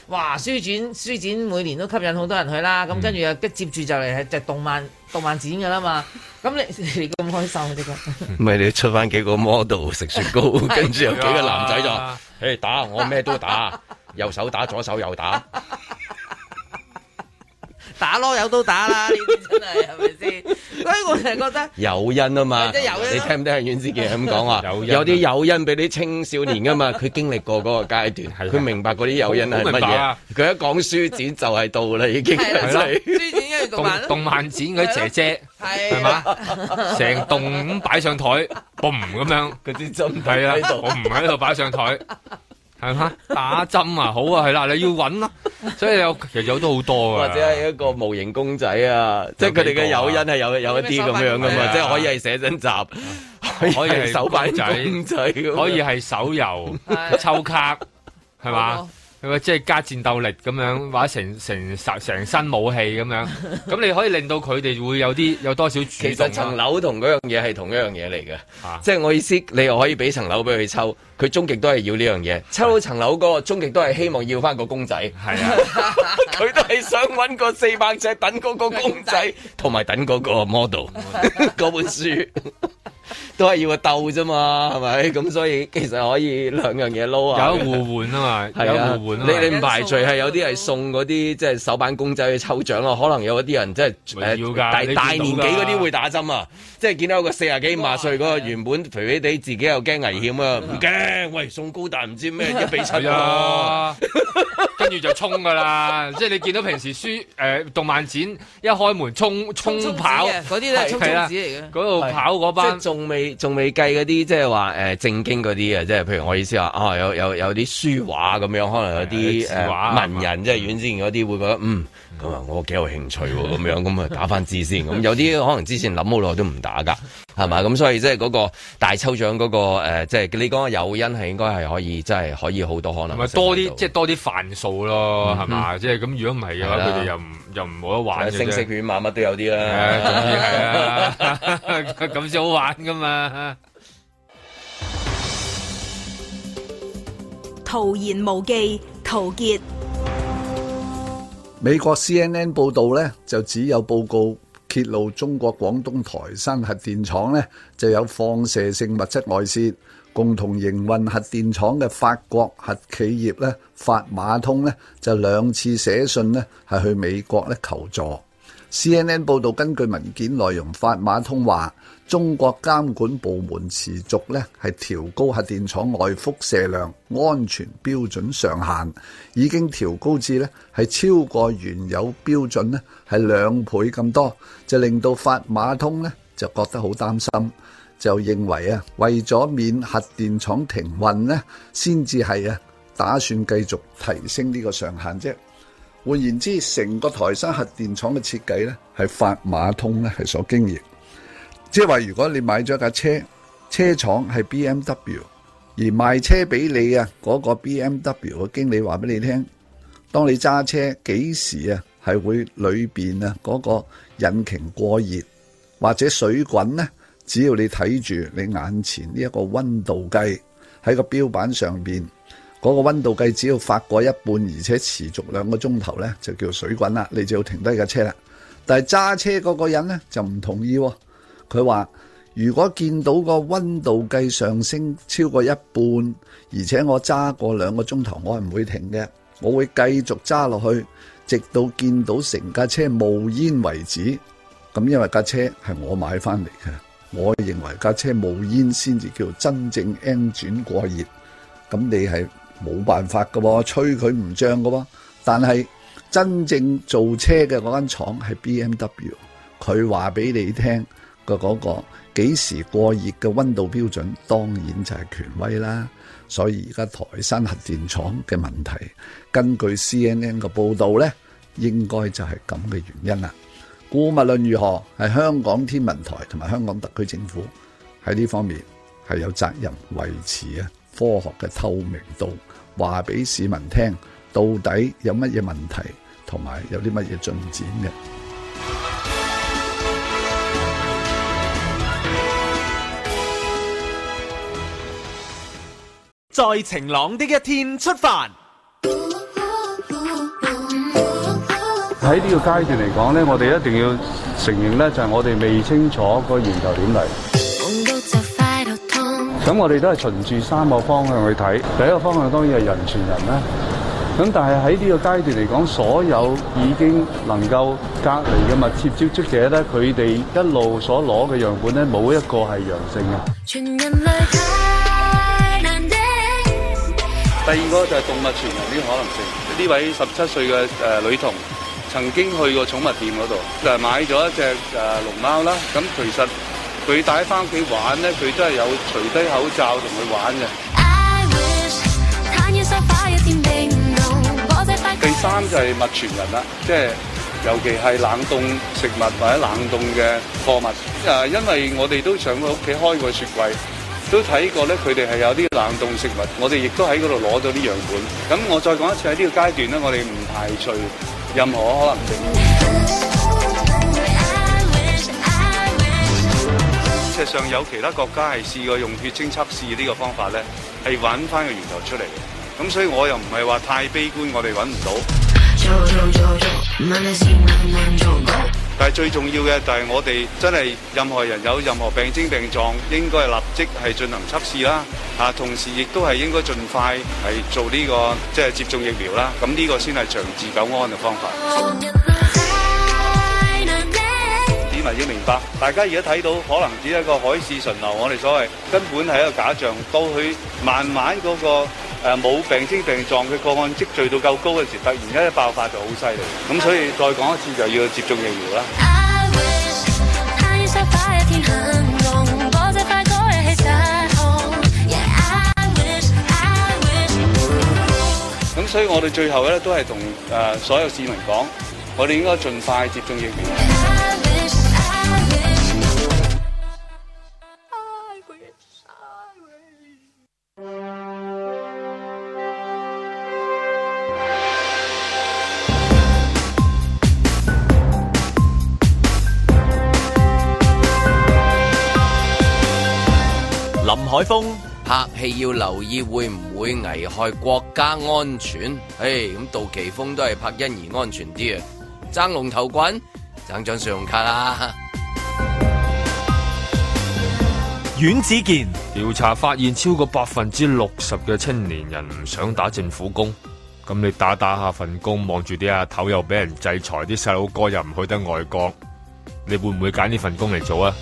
哇！ 書展書展每年都吸引好多人去啦，咁跟住又接住就嚟係隻動漫。動漫展嘅啦嘛，咁你咁開心嘅唔係咪你出翻幾個 model 食雪糕，跟 住有幾個男仔就，誒、哎、打我咩都打， 右手打左手又打。 打咯，有都打啦， 呢啲真係係咪先？所以我成日覺得誘因啊嘛，你聽唔聽袁子傑咁講啊？有有啲誘因俾啲青少年噶嘛，佢經歷過嗰個階段，佢 明白嗰啲誘因係乜嘢。佢、啊、一講書展就係到啦，已經係、 啊、書展跟住動， 動漫展嗰啲姐姐係嘛，成棟咁擺上台 boom 咁樣，佢啲真係喺度 boom 喺度擺上台。係嘛，打針啊 好啊係啦、啊、你要搵咯、啊， 所以有其實有都好多啊，或者係一個模型公仔啊、啊即係佢哋嘅誘因係有有一啲咁樣噶嘛、啊，即係可以係寫真集， 可以係手板仔， 可以係手遊 抽卡，係 嘛。係咪即係加戰鬥力咁樣，或者成成成身武器咁樣？咁你可以令到佢哋會有啲有多少主動。啊、其實層樓同嗰樣嘢係同一樣嘢嚟嘅。即係我意思，你又可以俾層樓俾佢抽，佢終極都係要呢樣嘢。抽到層樓嗰個終極都係希望要翻個公仔，係啊，佢 都係想搵個四百隻等嗰個公仔，同埋等嗰個 model 嗰 本書。都係要佢鬥啫嘛，係咪？咁所以其實可以兩樣嘢撈啊，搞互換啊嘛，係啊，有互換。你你唔排除係有啲係送嗰啲即係手板公仔去抽獎啊，可能有啲人即係要㗎，呃，大大年紀嗰啲會打針啊，即係見到個四十幾五十歲嗰個原本肥肥哋，自己又驚危險啊，唔驚。喂，送高達唔知咩一比七啊！ 跟住就衝噶啦。 即係你見到平時書誒、呃、動漫展一開門衝衝跑嗰啲咧係啦，嗰度、啊、跑嗰班即係仲未。仲未計嗰啲即係話誒正經嗰啲啊，即係譬如我意思話，啊有有有啲書畫咁樣，可能有啲誒、呃、文人，即、嗯、係之前嗰啲會覺得嗯，咁、嗯、啊我幾有興趣咁樣，咁啊打翻字先，咁 有啲可能之前諗好耐都唔打噶。係嘛？咁所以即係嗰個大抽獎嗰，那個誒、呃，即係你講誘因係應該係可以，即係可以好多可能。咪多啲，即係多啲犯數咯，係、嗯、嘛？即係咁，如果唔係嘅話，佢、嗯、哋又唔又唔冇得玩。聲色犬馬乜都有啲啦、啊、總之係啦、啊，咁 先 好玩噶嘛。徒言無忌，陶傑。美國 CNN 報道呢，就只有報告。揭露中國廣東台山核電廠咧就有放射性物質外泄，共同營運核電廠嘅法國核企業咧法馬通咧就兩次寫信咧係去美國咧求助。CNN 報導根據文件內容，法馬通話。中國監管部門持續咧係調高核電廠外輻射量安全標準上限，已經調高至咧係超過原有標準咧係兩倍咁多，就令到法馬通咧就覺得好擔心，就認為啊為咗免核電廠停運咧，先至係啊打算繼續提升呢個上限啫。換言之，成個台山核電廠嘅設計咧係法馬通咧係所經營。即係話，如果你買咗架車，車廠係 B M W，而賣車俾你啊，嗰個 B M W 嘅經理話俾你聽，當你揸車幾時啊，係會裏邊啊嗰個引擎過熱或者水滾呢？只要你睇住，你眼前呢一個溫度計喺個標板上邊，嗰個溫度計只要發過一半，而且持續兩個鐘頭呢，就叫水滾啦，你就要停低架車啦。但係揸車嗰個人呢，就唔同意。佢話：如果見到個温度計上升超過一半，而且我揸過兩個鐘頭，我係唔會停嘅。我會繼續揸落去，直到見到成架車冒煙為止。咁因為架車係我買翻嚟嘅，我認為架車冒煙先至叫真正 N 轉過熱。咁你係冇辦法㗎喎，吹佢唔脹㗎喎。但係真正造車嘅嗰間廠係 BMW，佢話俾你聽。嘅嗰個幾時過熱嘅温度標準，當然就係權威啦。所以而家台山核電廠嘅問題，根據 CNN 嘅報道呢，應該就係咁嘅原因啦。姑勿論如何，係香港天文台同埋香港特區政府喺呢方面係有責任維持啊科學嘅透明度，話俾市民聽，到底有乜嘢問題同埋有啲乜嘢進展嘅。在晴朗的一天出發。喺呢個階段嚟講咧，我哋一定要承認咧，就係我哋未清楚個源頭點嚟。咁我哋都係循住三個方向去睇，第一個方向當然係人傳人啦。咁但係喺呢個階段嚟講，所有已經能夠隔離嘅密切接觸者咧，佢哋一路所攞嘅樣本咧，冇一個係陽性嘅。第二個就係動物傳人嘅可能性，呢位十七歲嘅誒女童曾經去過寵物店嗰度，誒買咗一隻誒龍貓啦。咁其實佢帶翻屋企玩咧，佢都係有除低口罩同佢玩嘅。第三就係物傳人啦，即係尤其係冷凍食物或者冷凍嘅貨物。誒，因為我哋都上過屋企開過雪櫃。都睇過咧，佢哋係有啲冷凍食物，我哋亦都喺嗰度攞到啲樣本。咁我再講一次喺呢個階段咧，我哋唔排除任何可能性。事實上有其他國家係試過用血清測試呢個方法咧，係揾翻個源頭出嚟嘅。咁所以我又唔係話太悲觀，我哋揾唔到。做做做做做但係最重要嘅，就係我哋真係任何人有任何病徵病狀，應該立即係進行測試啦。啊，同時亦都係應該儘快係做呢個即係接種疫苗啦。咁呢個先係長治久安嘅方法。市民要明白，大家而家睇到可能只係一個海市蜃樓，我哋所謂根本係一個假象，到佢慢慢嗰個。誒冇病徵病狀，佢個案積聚到夠高嘅時，突然間一爆發就好犀利。咁所以再講一次，就要接種疫苗啦。咁、yeah, 所以我哋最後咧都係同誒所有市民講，我哋應該盡快接種疫苗。林海峰拍戲要留意會唔會危害國家安全？誒，咁杜琪峰都係拍因而安全啲啊！爭龍頭棍，爭張信用卡啦！阮子健調查發現，超過百分之六十嘅青年人唔想打政府工。咁你打打下份工，望住啲阿頭又俾人制裁，啲細佬哥又唔去得外國，你會唔會揀呢份工嚟做啊？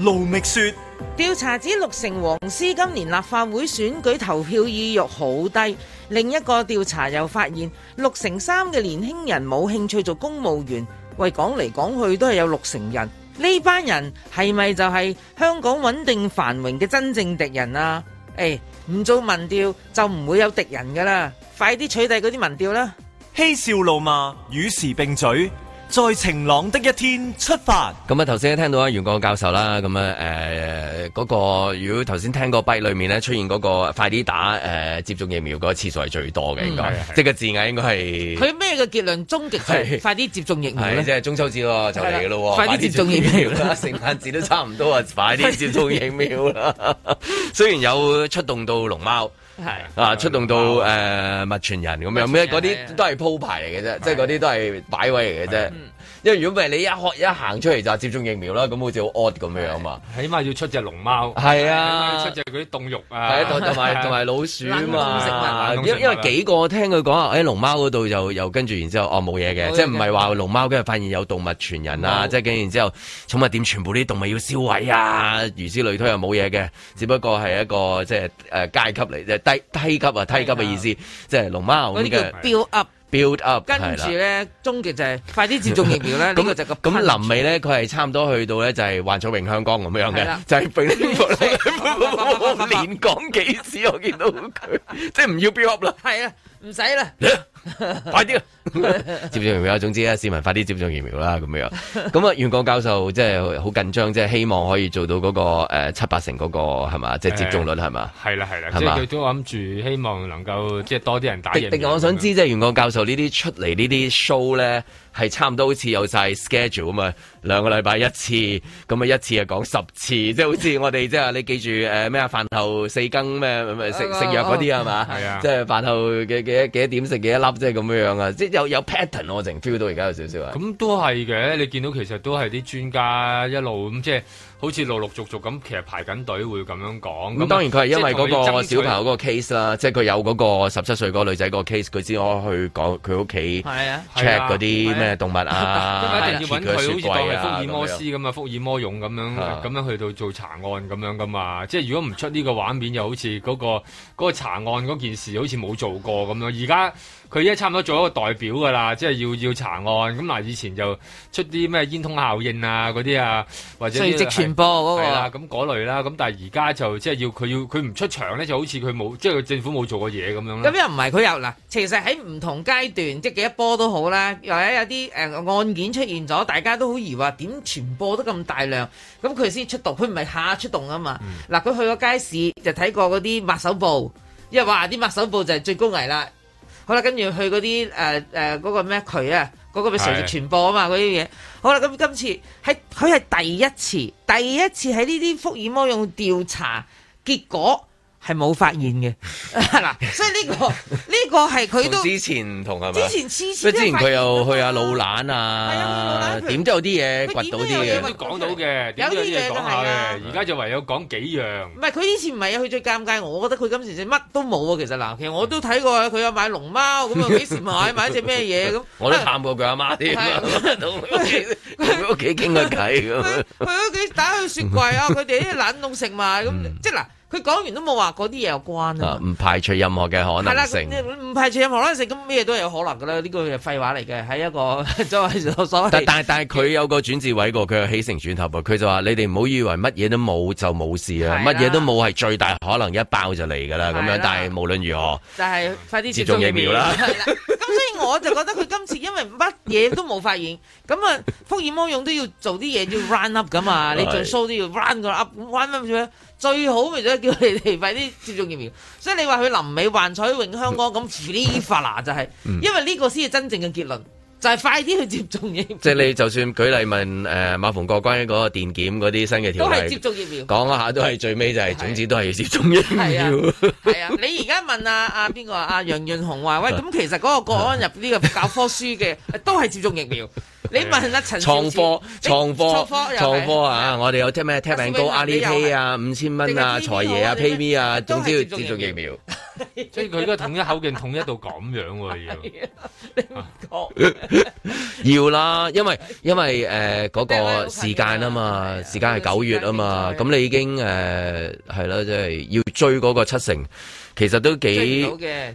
盧覓雪調查指六成黃絲今年立法會選舉投票意欲好低。另一個調查又發現，六成三嘅年輕人冇興趣做公務員。喂，講嚟講去都係有六成人，呢班人係咪就係香港穩定繁榮嘅真正敵人啊？誒、哎，唔做民調就唔會有敵人噶啦，快啲取締嗰啲民調啦！嬉笑怒罵，與時並舉。在晴朗的一天出發。咁啊，頭先聽到啊，袁國教授啦，咁啊，誒、呃，嗰、那個如果頭先聽個 byte 裏面咧出現嗰個快啲打誒、呃、接種疫苗嗰個次數係最多嘅，嗯，應該即係個字眼應該係佢咩嘅結論？終極係快啲接種疫苗，即係中秋節就嚟嘅咯，咯快啲接種疫苗啦，聖誕節都差唔多啊， 快啲接種疫苗啦， 雖然有出動到龍貓。係啊，出動到誒物傳人咁樣咩？嗰啲都係鋪排嚟嘅啫，即係嗰啲都係擺位嚟嘅啫。因為如果唔係你一喝一行出嚟，就接種疫苗啦，咁好似好 odd 咁樣啊嘛！起碼要出隻龍貓，係啊，出隻嗰啲凍肉啊，同埋同埋老鼠啊，因因為幾個我聽佢講啊，誒龍貓嗰度又又跟住，然之後哦冇嘢嘅，即係唔係話龍貓跟住發現有動物傳人啊，即係跟然之後寵物店全部啲動物要銷毀啊，如此類推又冇嘢嘅，只不過係一個即係誒階級嚟，即係、呃、低低級啊，低級嘅、嗯、意思，嗯嗯、即係龍貓啲嘅 build up build up，跟住咧，終極就係、是、 快啲接種疫苗啦。 個就個呢就係咁臨尾咧，佢係差唔多去到咧，就係黃草榮香港咁樣嘅，就係 build up。我連講幾次我見到佢， 即係唔要 build up 啦。係啊，唔使啦。快啲啦！接種疫苗，總之啊，市民快啲接種疫苗啦！咁樣，咁啊，袁國教授即係好緊張，即係希望可以做到嗰個誒、呃、七八成嗰個係嘛，即係接種率係嘛？係啦係啦，即係佢都諗住希望能夠即係多啲人打疫苗。我想知即係袁國教授 show, 呢啲出嚟呢啲 show 咧，係差唔多好似有晒 schedule 啊嘛，兩個禮拜一次，咁 啊一次啊講十次，即係好似我哋即係你記住誒咩啊飯後四更咩食食藥嗰啲係嘛？係啊， 即係飯後幾幾幾多點食幾多即係咁樣樣啊！即係有有 pattern 我淨 feel 到而家有少少啊。咁都係嘅，你見到其實都係啲專家一路咁即係，好似陸陸續續咁，其實排緊隊會咁樣講。咁當然佢係因為嗰個小朋友嗰個 case 啦，即係佢有嗰個十七歲嗰個女仔個 case，佢先去講佢屋企 check 嗰啲咩動物啊。咁、啊啊、 一定要揾佢、啊，好似當係福爾摩斯咁啊，福爾摩勇咁樣咁、啊、樣去到做查案咁樣噶嘛。即係如果唔出呢個畫面，又好似嗰、那個、那個那個查案嗰件事，好似冇做過咁樣。而家。佢而家差唔多做一個代表噶啦，即係要要查案。咁嗱，以前就出啲咩煙通效應啊嗰啲啊，或者垂直傳播嗰、那個，係啦、啊，咁嗰類啦。咁但係而家就即係要佢要佢唔出場咧，就好似佢冇即係政府冇做過嘢咁樣咁又唔係，佢又嗱，其實喺唔同階段，即係幾一波都好啦。又喺有啲誒、呃、案件出現咗，大家都好疑惑點傳播得咁大量。咁佢先出動，佢唔係下出動啊嘛。嗱、嗯，佢去咗街市就睇過嗰啲抹手布，因為話啲抹手布就係最高危啦。好啦，跟住去嗰啲誒誒嗰個咩佢啊，嗰個咪垂直傳播啊嘛，嗰啲嘢。好啦，咁今次係佢係第一次，第一次喺呢啲福爾摩用調查結果。係冇發現嘅，嗱， 所以呢、這個呢、這個係佢都之前同係咪？之前,前之前，所以之前佢又去啊老懶啊，點都有啲嘢掘到啲嘢。講到嘅，有啲嘢講下嘅，而家就唯有講幾樣。唔係佢以前唔係啊，佢最尷尬，我覺得佢今次乜都冇啊。其實，嗱，其實我都睇過佢有買龍貓，咁啊，幾時買 買一隻咩嘢咁？我看媽媽 都探過佢阿媽添，同佢屋企傾下偈咁。佢屋企打開雪櫃啊，佢哋啲冷凍食物咁，即係嗱。就是佢講完都冇話嗰啲嘢有關啊！唔、啊、排除任何嘅可能性，唔排除任何可能性，咁咩都係有可能㗎啦。呢個係廢話嚟嘅，係一個就係 所謂。但但係佢有個轉折位過佢起承轉合，佢就話：你哋唔好以為乜嘢都冇就冇事啊！乜嘢都冇係最大可能一爆就嚟㗎啦。咁樣，但係無論如何，就係快啲接種疫苗啦。咁所以我就覺得佢今次因為乜嘢都冇發現，咁 啊，福爾摩用都要做啲嘢要 run up 嘛，你最 show 都要 run 個 up，run 乜嘢？最好咪就叫佢哋快啲接種疫苗，所以你話佢臨尾幻彩永香港咁 free、嗯、就係、是，因為呢個先係真正嘅結論，就係、是、快啲去接種疫苗。即、嗯、係、就是、你就算舉例問誒、呃、馬逢國關於嗰個電檢嗰啲新嘅條例，都係接種疫苗。講一下都係最尾就係、是、總之都係要接種疫苗。係啊，啊， 啊，你而家問阿阿邊個阿楊潤雄話喂，咁其實嗰個國安入呢個教科書嘅都係接種疫苗。你問阿陳？創科、創科、創科，科啊！是是我哋有聽咩 Tap and Go 阿里 P 啊，五千蚊啊，財爺啊，PayMe 啊，總之、啊，接種疫苗。即係佢而家統一口徑，統 一到咁樣要、啊。 啊、 要啦，因為因為誒嗰個時間啊時間嘛，時間係九月啊嘛，咁你已經誒係啦，即、呃、係、就是、要追嗰個七成。其實都幾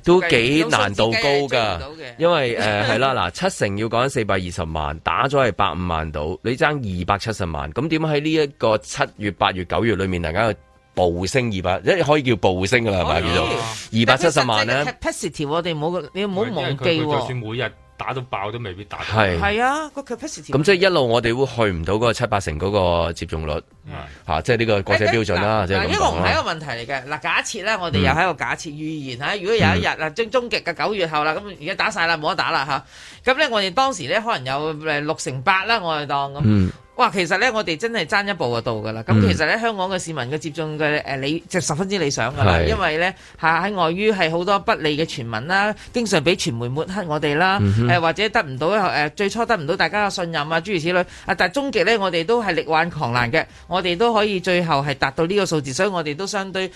都幾難度高㗎，因為誒係、 呃、啦，嗱七成要講緊四百二十萬，打咗係百五萬到，你爭二百七十萬，咁點解喺呢一個七月、八月、九月裏面能夠暴升二百，一可以叫暴升㗎啦，係咪叫做二百七十萬呢 Capacity 我哋唔好，你唔好忘記喎。打到爆都未必打到，係係啊個 capacity、嗯。咁即係一路我哋會去唔到嗰個七八成嗰個接種率，吓、啊、即係呢個國際標準啦、啊。即係呢個唔係一個問題嚟嘅。嗱，假設咧，我哋又喺一個假設預言吓、嗯，如果有一日、嗯、啊，終極嘅九月後啦，咁而家打晒啦，冇得打啦吓。咁咧，我哋當時咧可能有誒六成八啦，我哋當咁。哇，其實咧，我哋真係爭一步就到噶啦。咁其實咧，香港嘅市民嘅接種嘅你、呃、理，就十分之理想噶啦。因為咧，喺外於係好多不利嘅傳聞啦，經常俾傳媒抹黑我哋啦，誒、嗯呃、或者得唔到、呃、最初得唔到大家嘅信任啊，諸如此類。啊，但係終極咧，我哋都係力挽狂瀾嘅、嗯，我哋都可以最後係達到呢個數字，所以我哋都相對誒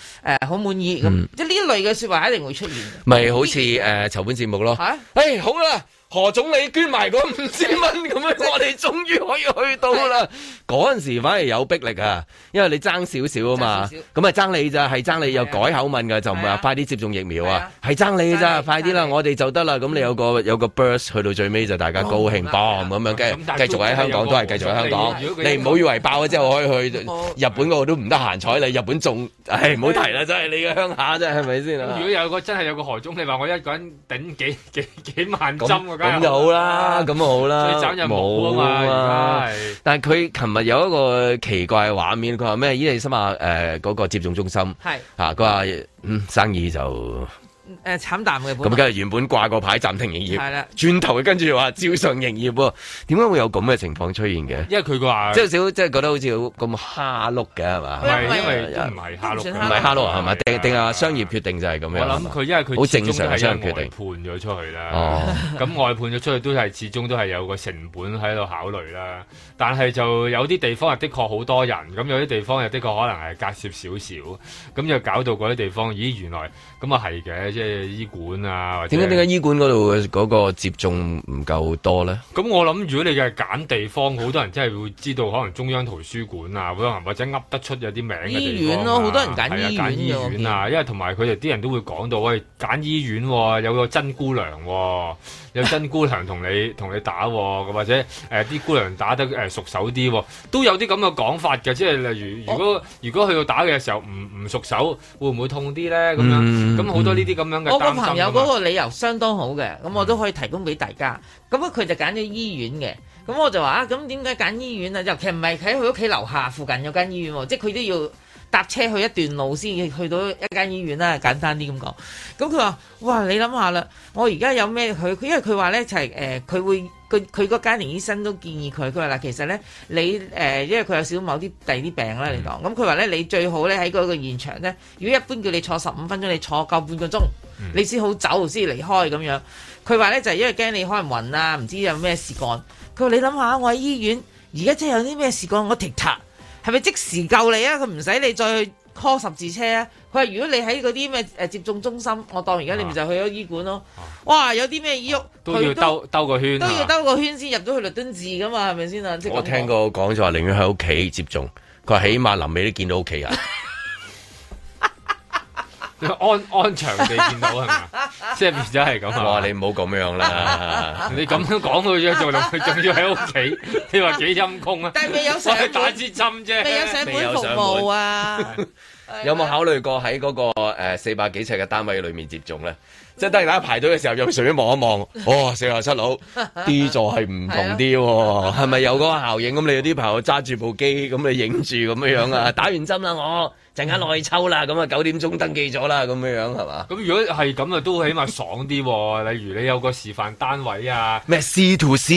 好、呃、滿意咁、嗯。即係呢類嘅說話，一定會出現。咪好似誒籌款節目咯。嚇、啊哎！好啦。何總理捐埋嗰五千蚊咁樣，我哋終於可以去到啦。嗰陣時反而有逼力啊，因為你爭少少啊嘛，咁啊爭你咋？係爭你又改口問噶，就唔係快啲接種疫苗啊？係爭你嘅咋？快啲啦，我哋就得啦。咁你有個有個 burst 去到最尾就大家高興，boom 咁樣，繼繼續喺香港都係繼續喺香港。你唔好以為爆咗之後可以去日本嗰度都唔得閒睬你。日本仲唉唔好提啦，真係你嘅鄉下真係係咪先啊？如果有個真係有個何總，你話我一個人頂幾幾幾萬針啊？咁就好啦，咁就好啦，冇啊嘛，但係佢琴日有一個奇怪嘅畫面，佢話咩？伊利沙馬誒嗰、呃那個接種中心，係啊，佢話嗯生意就。誒、呃、慘淡嘅，咁梗係原本掛個牌暫停營業，係啦，轉頭跟住話照常營業喎，點解會有咁嘅情況出現嘅？因為佢話即係少，即係覺得好似好咁蝦碌嘅係嘛？因為唔係因為唔係蝦碌，唔係蝦碌係嘛？定定係商業決定就係咁樣。我諗佢因為佢好正常商業決定判咗出去啦。咁、哦、外判咗出去都係始終都係有個成本喺度考慮啦。 但係就有啲地方又的確好多人，咁有啲地方又的確可能係隔涉少少，咁又搞到嗰啲地方，咦原來咁啊係嘅。那即係醫管啊，或者點解點解醫管嗰度嗰個接種唔夠多咧？咁我諗，如果你係揀地方，好多人真係會知道，可能中央圖書館啊，或者噏得出有啲名嘅，啊、醫院咯，好多人都揀醫院啊，揀醫、啊、醫院啊，因為同埋佢哋啲人都會講到，喂，哎、揀醫院，啊、有個真姑娘、啊，有真姑娘同你同、啊、你，你打、啊，或者誒啲、呃、姑娘打得誒、呃、熟手啲、啊，都有啲咁嘅講法嘅，即係例如如果、哦、如果去到打嘅時候唔唔熟手，會唔會痛啲？咧，咁樣咁好、嗯、多呢啲咁。嗯我個朋友嗰個理由相當好嘅，咁我都可以提供俾大家。咁啊，佢就揀咗醫院嘅，咁我就話啊，咁點解揀醫院啊？尤其唔係喺佢屋企樓下附近有間醫院喎，即係佢都要搭車去一段路先去到一間醫院啦。簡單啲咁講，咁佢話：哇，你諗下啦，我而家有咩佢？因為佢話咧就係、是、誒，佢、呃、會。佢佢個家庭醫生都建議佢，佢話嗱，其實咧你誒、呃，因為佢有少某啲第二啲病啦，你講，咁佢話咧，你最好咧喺嗰個現場咧，如果一般叫你坐十五分鐘，你坐夠半個鐘，你先好走先離開咁樣。佢話咧就係、是、因為驚你開唔暈啊，唔知有咩事幹。佢話你諗下，我喺醫院，而家真係有啲咩事幹，我停塔係咪即時救你啊？佢唔使你再去。叫十字車啊！佢話如果你喺嗰啲咩誒接種中心，我當而家你咪就去咗醫館咯、啊。哇！有啲咩喐都要兜兜個圈，都要兜個圈先入到去律敦治噶嘛，係咪先啊是是、就是？我聽過講就話寧願喺屋企接種，佢話起碼臨尾都見到屋企人。 安安詳地見到係嘛？即係變咗係咁啊！哇，你唔好咁樣啦！ 你咁樣講佢，仲仲要喺屋企，你話幾陰公啊？但係未有上門，我打支針啫，未有上門服務啊？有冇 考慮過喺嗰、那個誒四百幾尺嘅單位裏面接種咧？ 即係大家排隊嘅時候，又順便望一望，哦，四樓七樓 D 座係唔同啲，係 咪、啊、有嗰個效應？咁你有啲朋友揸住部機咁你影住咁樣樣啊？打完針啦我。陣間內抽啦，咁啊九點鐘登記咗啦，咁樣樣係嘛？咁如果係咁啊，都起碼爽啲喎。例如你有個示範單位啊，咩 C to C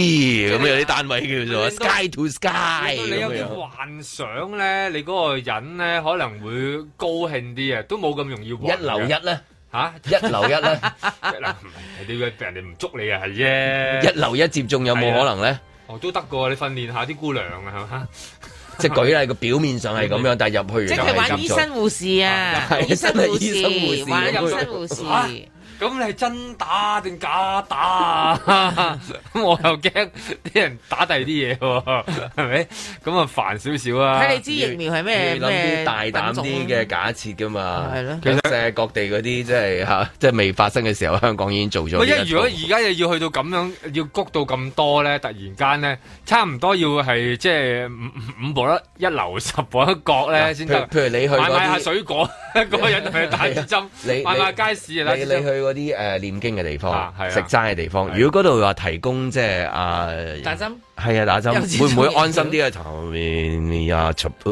咁有啲單位叫做 Sky to Sky。你有啲幻想咧，你嗰個人咧可能會高興啲啊，都冇咁容易。一樓一咧嚇，一樓一咧。係點解畀人哋唔捉你啊，係啫。一樓一接種有冇可能咧？哦，都得㗎，你訓練下啲姑娘啊，係嘛？即舉例，個表面上係咁樣，但入去即係、就是、玩醫生護士啊，係真係醫生護士玩醫生護士。咁你係真打定假打， 打啊？咁我又驚啲人打第二啲嘢喎，係咪？咁啊煩少少啊！睇你知疫苗係咩諗啲大膽啲嘅假設噶嘛？係咯，其實世界各地嗰啲即係吓，即、啊、係、即係、未發生嘅時候，香港已經做咗。喂，如果而家又要去到咁樣，要谷到咁多咧，突然間咧，差唔多要係即係五五步一一樓，十步一角咧先得。譬如你去買下水果，嗰個人去打針，你買下街市你，、就是、你，你去。嗰啲誒唸經嘅地方，啊啊、食齋嘅地方，啊、如果嗰度話提供即係、呃、啊，打針，係啊打針，會唔會安心啲啊？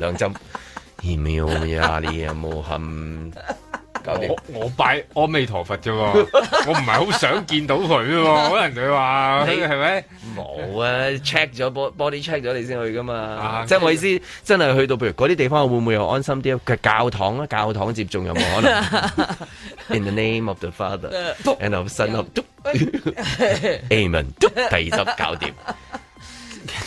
兩針 我我拜阿彌陀佛啫，我唔係好想見到佢喎。可能佢話係咪？冇啊，check 咗 body，body check 咗你先去噶嘛。即係我意思，真係去到譬如嗰啲地方，會唔會又安心啲？佢教堂啊，教堂接種有冇可能。In the name of the Father and of Son of Amen，第二集搞掂。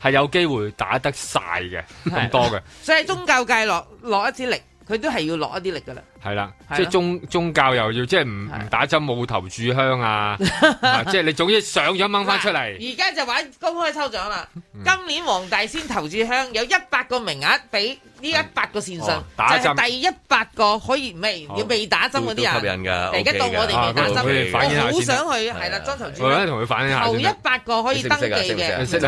係有機會打得晒嘅，咁多嘅， 所以宗教界落落一次力。佢都係要落一啲力噶啦，係啦，即宗宗教又要即係唔唔打針冇頭炷香啊， 即係你總之上咗掹翻出嚟。而家就玩公開抽獎啦、嗯，今年黃大仙頭炷香有一百個名額俾呢一百個善信、嗯哦。打針、就係、第一百個可以未未、哦、打針嗰啲人。吸引㗎，而家到我哋未打針，啊啊、我好想去、啊，係啦，執頭炷香。我一陣同佢反映下、啊。頭一百個可以登記嘅，係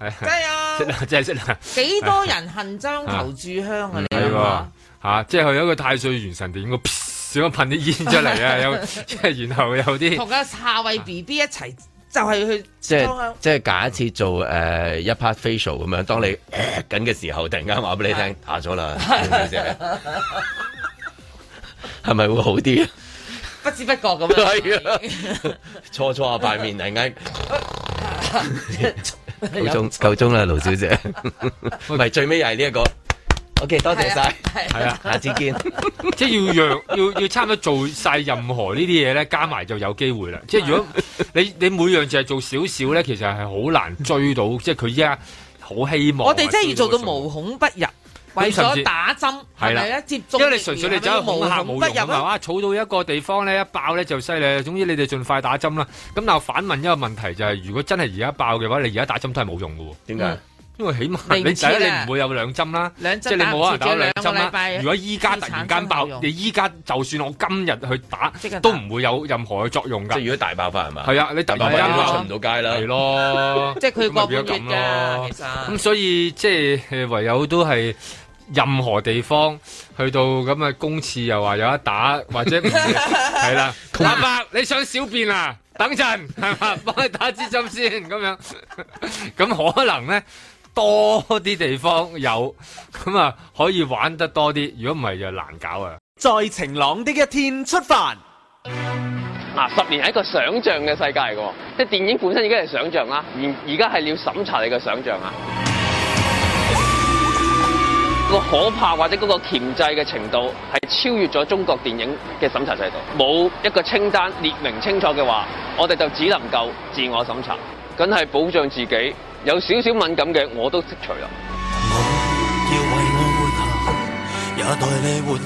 係，啊、哎，啦，真係識啦。幾多，多人恨章求柱香啊？你吓、嗯啊嗯啊嗯啊嗯啊，即係去咗一個太歲元神殿，想噴啲煙出嚟啊？有，啊、即係然後有啲同個夏威 B B 一齊，就係去即係即係假設做誒、呃、一 part facial 咁樣，當你壓緊嘅時候，突然間話俾你聽下咗啦，係咪、哎、會好啲？不知不覺咁樣，搓搓下塊面，突然間。啊 夠鐘夠鐘啦，盧小姐，唔係 最尾又係呢一個。OK，多謝晒，係啊，啊，下次見。即 係要樣，要要差唔多做晒任何呢啲嘢咧，加埋就有機會啦。 即係如果你你每樣就係做少少咧，其實係好難追到。 即係佢依家好希望，我哋真係要做到無孔不入。為咗打針，係啦，是因為你純粹你走去無頭無用咁話，儲、啊、到一個地方咧，一爆咧就犀利。總之，你哋盡快打針啦。咁，但我，反問一個問題就係，是：如果真係而家爆嘅話，你而家打針都係冇用喎。點解？因為起碼你你唔會有兩針啦，即係你冇可能打兩針啦。如果依家突然間爆，你依家就算我今日去打，即打都唔會有任何嘅作用噶。即係如果大爆發係嘛？係啊，你突然間出唔到街啦，係 咯。即係佢過熱噶，咁所以即係唯有都係。任何地方去到咁嘅公廁又話有得打或者係啦， 伯伯你想小便啊？等陣係嘛，幫你打支針先咁樣，咁 可能咧多啲地方有咁啊，可以玩得多啲。如果唔係就難搞啊！再晴朗一啲的一天出發啊，十年係一個想象嘅世界噶、哦，即係電影本身已經係想象啦、啊，而而家係要審查你嘅想象啊！那個可怕或者嗰個鉗制嘅程度係超越咗中國電影嘅審查制度，冇一個清單列明清楚嘅話，我哋就只能夠自我審查，緊係保障自己有少少敏感嘅我都剔除啦。我要為我活下去，也待你活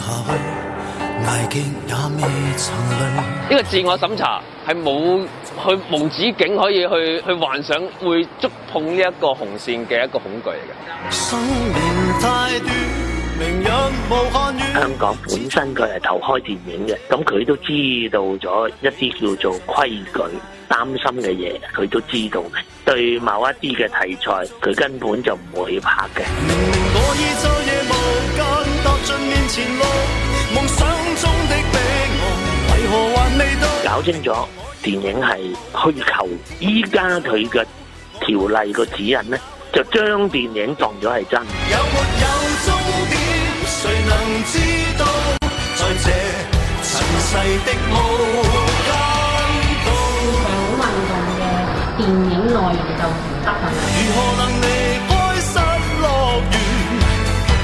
下去，也未曾。呢個自我審查係冇去無止境可以去去幻想會觸碰呢一個紅線嘅一個恐懼嚟嘅。香港本身佢係投開電影嘅，咁佢都知道咗一啲叫做規矩、擔心嘅嘢，佢都知道。對某一啲嘅題材，佢根本就唔會拍嘅。搞清楚電影係虛構，依家佢嘅條例個指引呢。就將電影撞咗係真。有沒有終點，誰能知道，在這塵世的無間道。好運動嘅電影內容就唔得啊！如何能離開失樂園，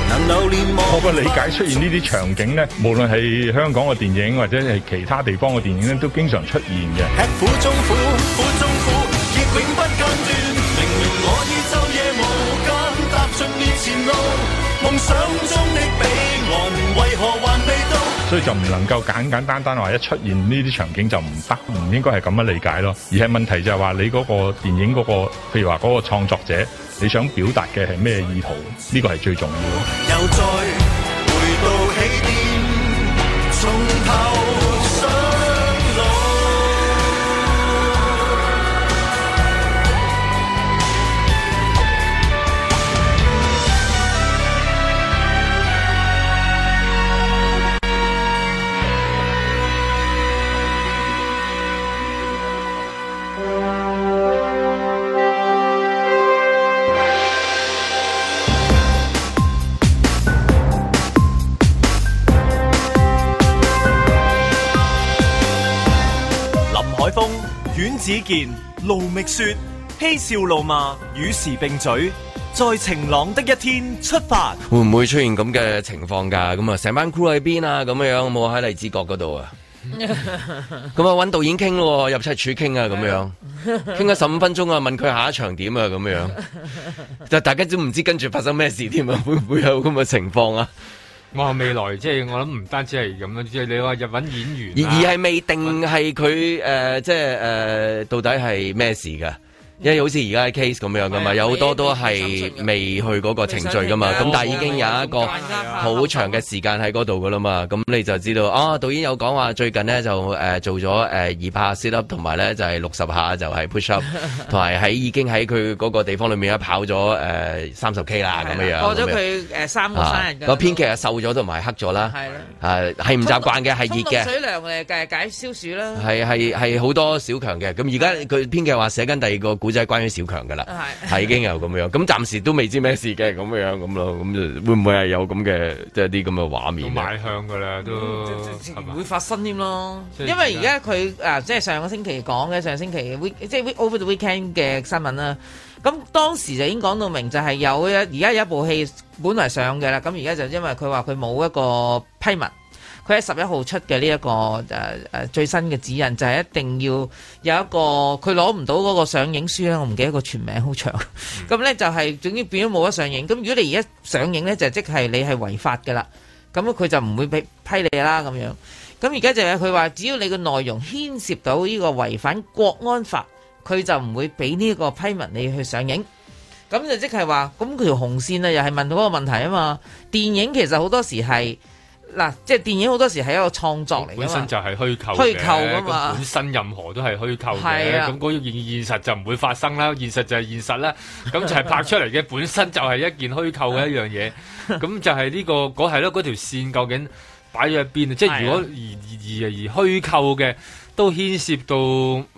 能流連忘我。我個理解出現呢啲場景咧，無論係香港嘅電影或者係其他地方嘅電影咧，都經常出現嘅。吃苦中苦，苦中苦，亦永不。所以就唔能夠簡簡單單話一出現呢啲場景就唔得，唔應該係咁樣理解咯。而係問題就係話你嗰個電影嗰個，譬如話嗰個創作者，你想表達嘅係咩意圖？呢個係最重要的。子健盧覓雪，嬉笑怒罵與時並嘴，在晴朗的一天出發，會唔會出現咁嘅情況噶？咁啊，成班 crew 喺邊啊？咁樣冇喺荔枝角嗰度啊？咁啊，揾導演傾咯，入七處傾啊？咁樣傾咗十五分鐘啊？問佢下一場點啊？咁樣， 就大家都唔知跟住發生咩事添啊？ 會唔會有咁嘅情況啊？我話未來即係我諗唔單止係咁咯，即係你話又揾演員、啊，而而係未定係佢誒，即係誒、呃，到底係咩事噶？因為好似而家 case 咁樣噶嘛，啊、有好多都係未去嗰個程序噶嘛，咁但係已經有一個好長嘅時間喺嗰度噶啦嘛，咁、啊、你就知道哦，導演有講話最近呢就誒做咗誒二百下 sit up 同埋咧就係六十下就係 push up，同埋喺已經喺佢嗰個地方裡面咧跑咗誒三十 k 啦咁樣樣。過咗佢誒三個生日嘅。個、啊、編劇瘦了和了啊瘦咗同埋黑咗啦。係、啊、咯。唔習慣嘅係熱嘅。沖凍水涼誒，解消暑啦。係係係好多小強嘅，咁而家佢編劇話寫緊第二個就係關於小強㗎啦，係 已經有咁樣，咁暫時都未知咩事嘅咁樣咁咯，咁會唔會係有咁嘅即係啲咁嘅畫面？賣香㗎啦都、嗯、會發生添咯，因為而家佢啊即係上個星期講嘅，上星期 Week 即係 Over the Weekend 嘅新聞啦。咁當時就已經講到明就，就係有而家有一部戲本來上嘅啦，咁而家就因為佢話佢冇一個批文。佢喺十一號出嘅呢一個誒、啊啊、最新嘅指引就係、是、一定要有一個佢攞唔到嗰個上映書咧，我唔記得個全名好長。咁 咧就係、是、總之變咗冇得上映。咁如果你而家上映咧，就即、是、係你係違法㗎啦。咁佢就唔會俾批你啦。咁樣咁而家就係佢話，只要你嘅內容牽涉到呢個違反國安法，佢就唔會俾呢個批文你去上映。咁就即係話，咁條紅線啊，又係問到嗰個問題啊嘛。電影其實好多時係。嗱，即係電影好多時係一個創作嚟嘅，本身就係虛構嘅，虛構噶嘛。本身任何都係虛構嘅，咁嗰現現實就唔會發生啦，現實就係現實啦。咁就係拍出嚟嘅，本身就係一件虛構嘅一樣嘢。咁 就係呢、這個嗰係咯，條線究竟擺咗喺邊？即係如果而而而虛構嘅都牽涉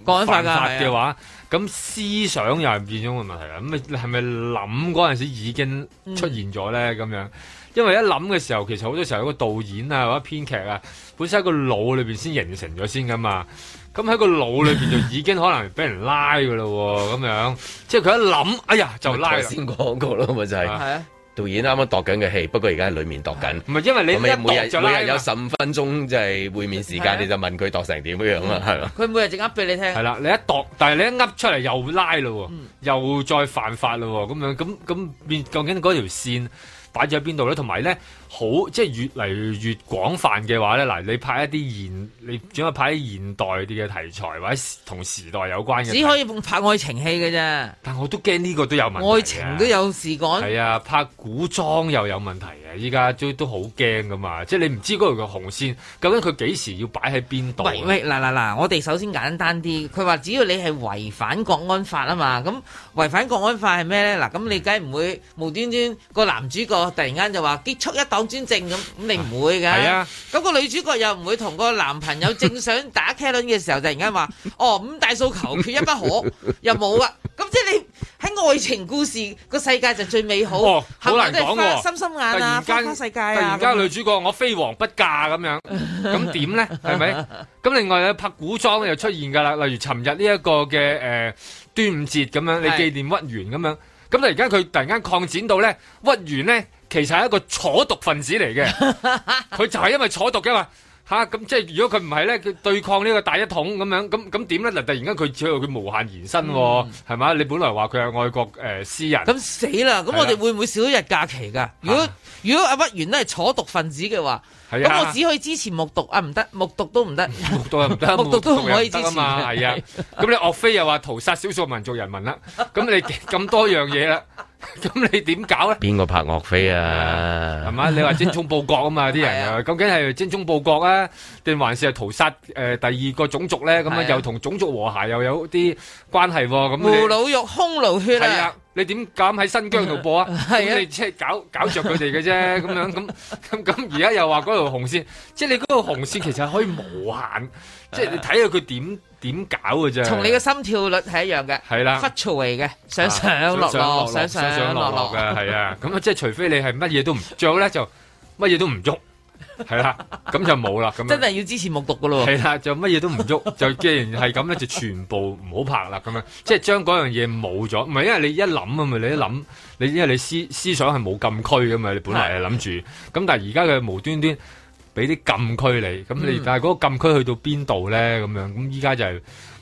到犯法嘅話，咁、啊、思想又係變咗個問題啦。咁係咪諗嗰陣時已經出現咗咧？咁、嗯、樣？因為一諗嘅時候，其實好多時候有個導演啊或者編劇啊，本身喺個腦裏邊先形成咗先噶嘛。咁喺個腦裏邊就已經可能俾人拉噶咯，咁 樣。即係佢一諗，哎呀就拉。先講過咯，咪就係、係啊。導演啱啱度緊嘅戲，不過而家喺裏面度緊、啊。唔係因為你、啊、每日就拉。有十五分鐘即係會面時間，你就問佢度成點樣係佢每日淨噏俾你聽。係啦、啊，你一度，但係你一噏出嚟又拉咯、啊嗯，又再犯法咯、啊，咁樣咁咁，究竟嗰條線擺咗喺邊度咧？同埋咧。好，即係越嚟越廣泛嘅話咧，嗱，你拍一啲現，你主要拍啲現代啲嘅題材或者同時代有關嘅，只可以拍愛情戲嘅啫。但我都驚呢個都有問題啊。愛情都有時趕。係啊，拍古裝又有問題啊！依家都都好驚噶嘛，即係你唔知嗰條紅線究竟佢幾時要擺喺邊度？喂，嗱，嗱，嗱，我哋首先簡單啲，佢話只要你係違反國安法啊嘛，咁違反國安法係咩咧？嗱，咁你梗唔會無端端個男主角突然間就話結束一黨。講專政咁，咁你唔會㗎？係啊，咁、啊那個女主角又唔會同個男朋友正想打茄輪嘅時候，突然間話： 哦，五大訴求缺一不可，又冇啊。咁即係你喺愛情故事個世界就最美好。好、哦、難講喎。花心心眼啊，花花世界啊。而家女主角我非王不嫁咁樣，咁點咧？係咪？咁另外咧，拍古裝又出現噶啦，例如尋日呢、這、一個嘅誒、呃、端午節咁樣，你紀念屈原咁樣。咁但係而家佢突然間擴展到咧屈原咧，其實係一個楚獨分子嚟嘅，佢 就係因為楚獨嘅嘛吓，咁即係如果佢唔係咧，佢對抗呢個大一統咁樣，咁咁點咧？嗱，突然間佢只佢無限延伸係咪、嗯？你本來話佢係外國誒、呃、詩人，咁死啦！咁我哋會唔會少一日假期噶？如果、啊、如果阿屈原咧係楚獨分子嘅話？咁我只可以支持目讀啊，唔得，目讀都唔得，目讀又唔得，目讀都唔可以支持啊。係啊，咁你岳飛又話屠殺少數民族人民啦，咁你咁多樣嘢啦，咁你點搞咧？邊個拍岳飛啊？係嘛？你話精忠報國啊嘛？啲人啊，究竟係精忠報國啊，定還是係屠殺？誒，第二個種族咧，咁樣又同種族和諧又有啲關係？咁，胡虜肉，匈奴血啊！你點敢喺新疆度播啊？咁 你即係搞搞著佢哋嘅啫，咁樣咁咁咁而家又話嗰條紅線，即係你嗰條紅線其實可以無限， 即係你睇下佢點點搞嘅啫。從你嘅心跳率係一樣嘅，係啦，忽潮嚟嘅，上上落落，上、啊、上落落嘅係啊。咁啊，落落 即係除非你係乜嘢都唔着好咧，就乜嘢都唔喐。係啦，咁就冇啦，咁樣真係要支持目讀噶咯。係啦，就乜嘢都唔喐，就既然係咁咧，就全部唔好拍啦，咁樣即係將嗰樣嘢冇咗。唔係，因為你一諗啊嘛，你一諗，你因為你思思想係冇禁區噶嘛，你本來係諗住，咁但係而家佢無端端俾啲禁區你，咁、嗯、你但係嗰個禁區去到邊度咧？咁樣咁依家就係。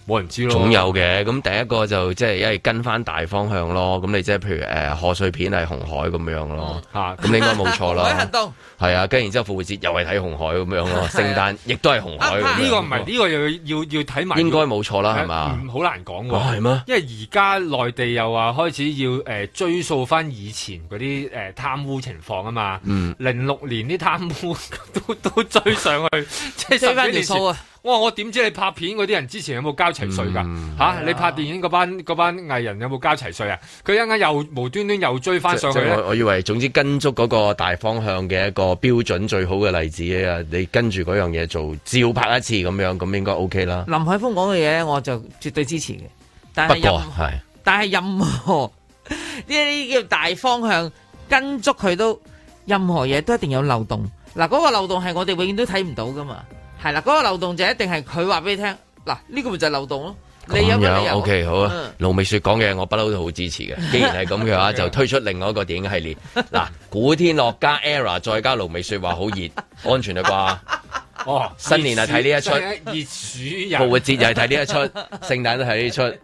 冇人知咯，總有嘅。咁第一個就即係因為跟翻大方向咯。咁你即係譬如誒賀、呃、歲片係紅海咁樣咯，嚇咁應該冇錯啦。行動。係啊，跟然之後，復活節又係睇紅海咁、啊、樣咯。啊、聖誕亦都係紅海咁樣。呢、啊啊呢個唔係呢個要要要睇埋。應該冇錯啦，係嘛？唔好、嗯、難講喎。係、啊、咩？因為而家內地又話開始要誒、呃、追溯翻以前嗰啲誒貪污情況啊嘛。嗯。零六年啲貪污都都追上去，即 係十幾年。 哦、我我點知你拍片嗰啲人之前有冇交齊稅噶吓？你拍電影嗰班嗰班藝人有冇交齊稅啊？佢一陣間又無端端又追翻上去。我我以為，總之跟足嗰個大方向嘅一個標準最好嘅例子啊！你跟住嗰樣嘢做，照拍一次咁樣，咁應該 OK 啦。林海峰講嘅嘢，我就絕對支持嘅。但係任不過，但係任何呢啲叫大方向跟足佢都，任何嘢都一定有漏洞。嗱、啊，嗰、嗰個漏洞係我哋永遠都睇唔到噶嘛。係啦，嗰、那個漏洞就一定係佢話俾你聽。嗱，呢、這個咪就係漏洞咯。咁樣 OK，好啊。盧美雪講嘅我不嬲都好支持嘅。既然係咁嘅話，就推出另外一個電影系列。嗱，古天樂加 era 再加盧美雪話好熱，安全啦啩？哦，新年係睇呢一出熱暑日，復活節又係睇呢一出，聖誕都睇呢一出。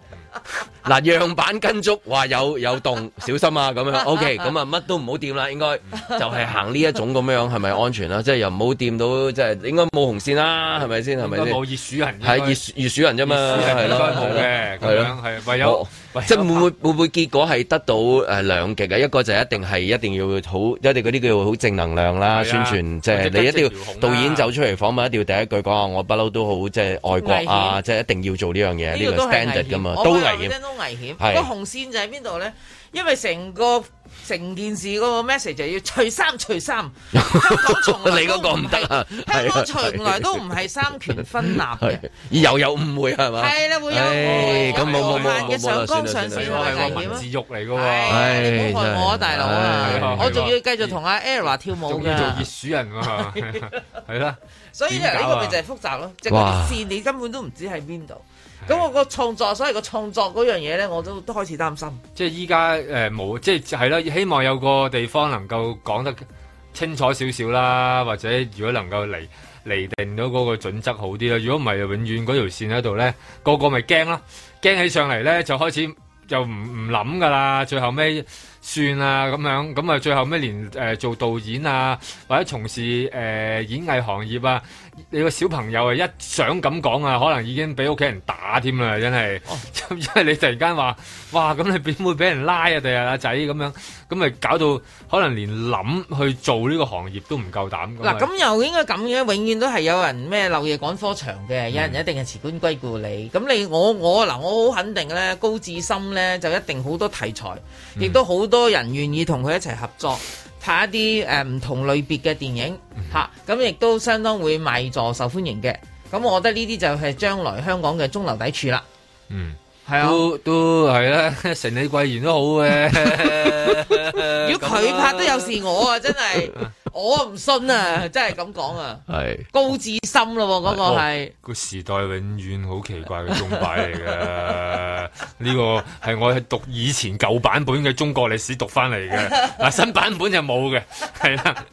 嗱、啊，樣板跟足話有有洞，小心啊！咁樣，OK，咁啊，乜都唔好掂啦，應該就係行呢一種咁樣，係咪安全啦？即係又唔好掂到，即係應該冇紅線啦、啊，係咪先？係咪先？冇熱鼠人，係熱熱鼠人啫嘛，係咯，冇嘅，係咯，係唯有。即係會唔會會唔會結果係得到誒、呃、兩極嘅、啊、一個就係一定係一定要好，一定嗰啲叫好正能量啦，宣傳，即係你一定要導演走出嚟訪問，一定要第一句講、啊、我不嬲都好即係愛國啊，即係一定要做呢樣嘢呢個 standard 㗎嘛，都危險，說說都危險，個紅線就喺邊度咧？因為成個成件事嗰個 message 就要除三除三，香港從來都唔係。你嗰個唔得啊。香港從來都唔係三權分立嘅，又有誤會係咪？係啦，會有咁冇冇冇冇冇。嘅上綱上線係點啊？自辱嚟嘅喎，你唔好害我大佬啊！我仲要繼續同阿 Era 跳舞㗎。做熱鼠人㗎係啦，所以呢個咪就係複雜咯，即係啲線你根本都唔知喺邊度。咁我個創作，所以個創作嗰樣嘢咧，我都都開始擔心。即係依家誒，冇、呃、即係係啦，希望有個地方能夠講得清楚少少啦，或者如果能夠嚟嚟定到嗰個準則好啲啦。如果唔係，永遠嗰條線喺度咧，個個咪驚囉，驚起上嚟咧就開始就唔唔諗噶啦，最後尾。算啦咁樣，咁啊最後咩連、呃、做導演啊，或者從事、呃、演藝行業啊，你個小朋友啊一想咁講啊，可能已經俾屋企人打添啦，真係，哦、因為你突然間話，哇咁你點會俾人拉啊？第日阿仔咁樣，咁咪搞到可能連諗去做呢個行業都唔夠膽。嗱、啊，咁又應該咁樣，永遠都係有人咩漏夜趕科場嘅，有人一定係辭官歸故里。咁、嗯、你我我嗱，我好肯定咧，高志森咧就一定好多題材，亦都好。很多人願意同佢一齊合作拍一啲誒唔同類別嘅電影嚇，咁、mm-hmm. 亦、啊、都相當會賣座受歡迎嘅。咁我覺得呢啲就係將來香港嘅中流砥柱啦。嗯、mm-hmm.。係啊，都都係啦、啊，成李貴賢都好嘅、啊。 如果佢拍都有事我啊，真係 我唔信啊，真係咁講啊。係 高智深咯，嗰，那個係個、哦、時代永遠好奇怪嘅鐘擺嚟嘅。呢 個係我係讀以前舊版本嘅中國歷史讀翻嚟嘅，嗱新版本就冇嘅，係啦、啊。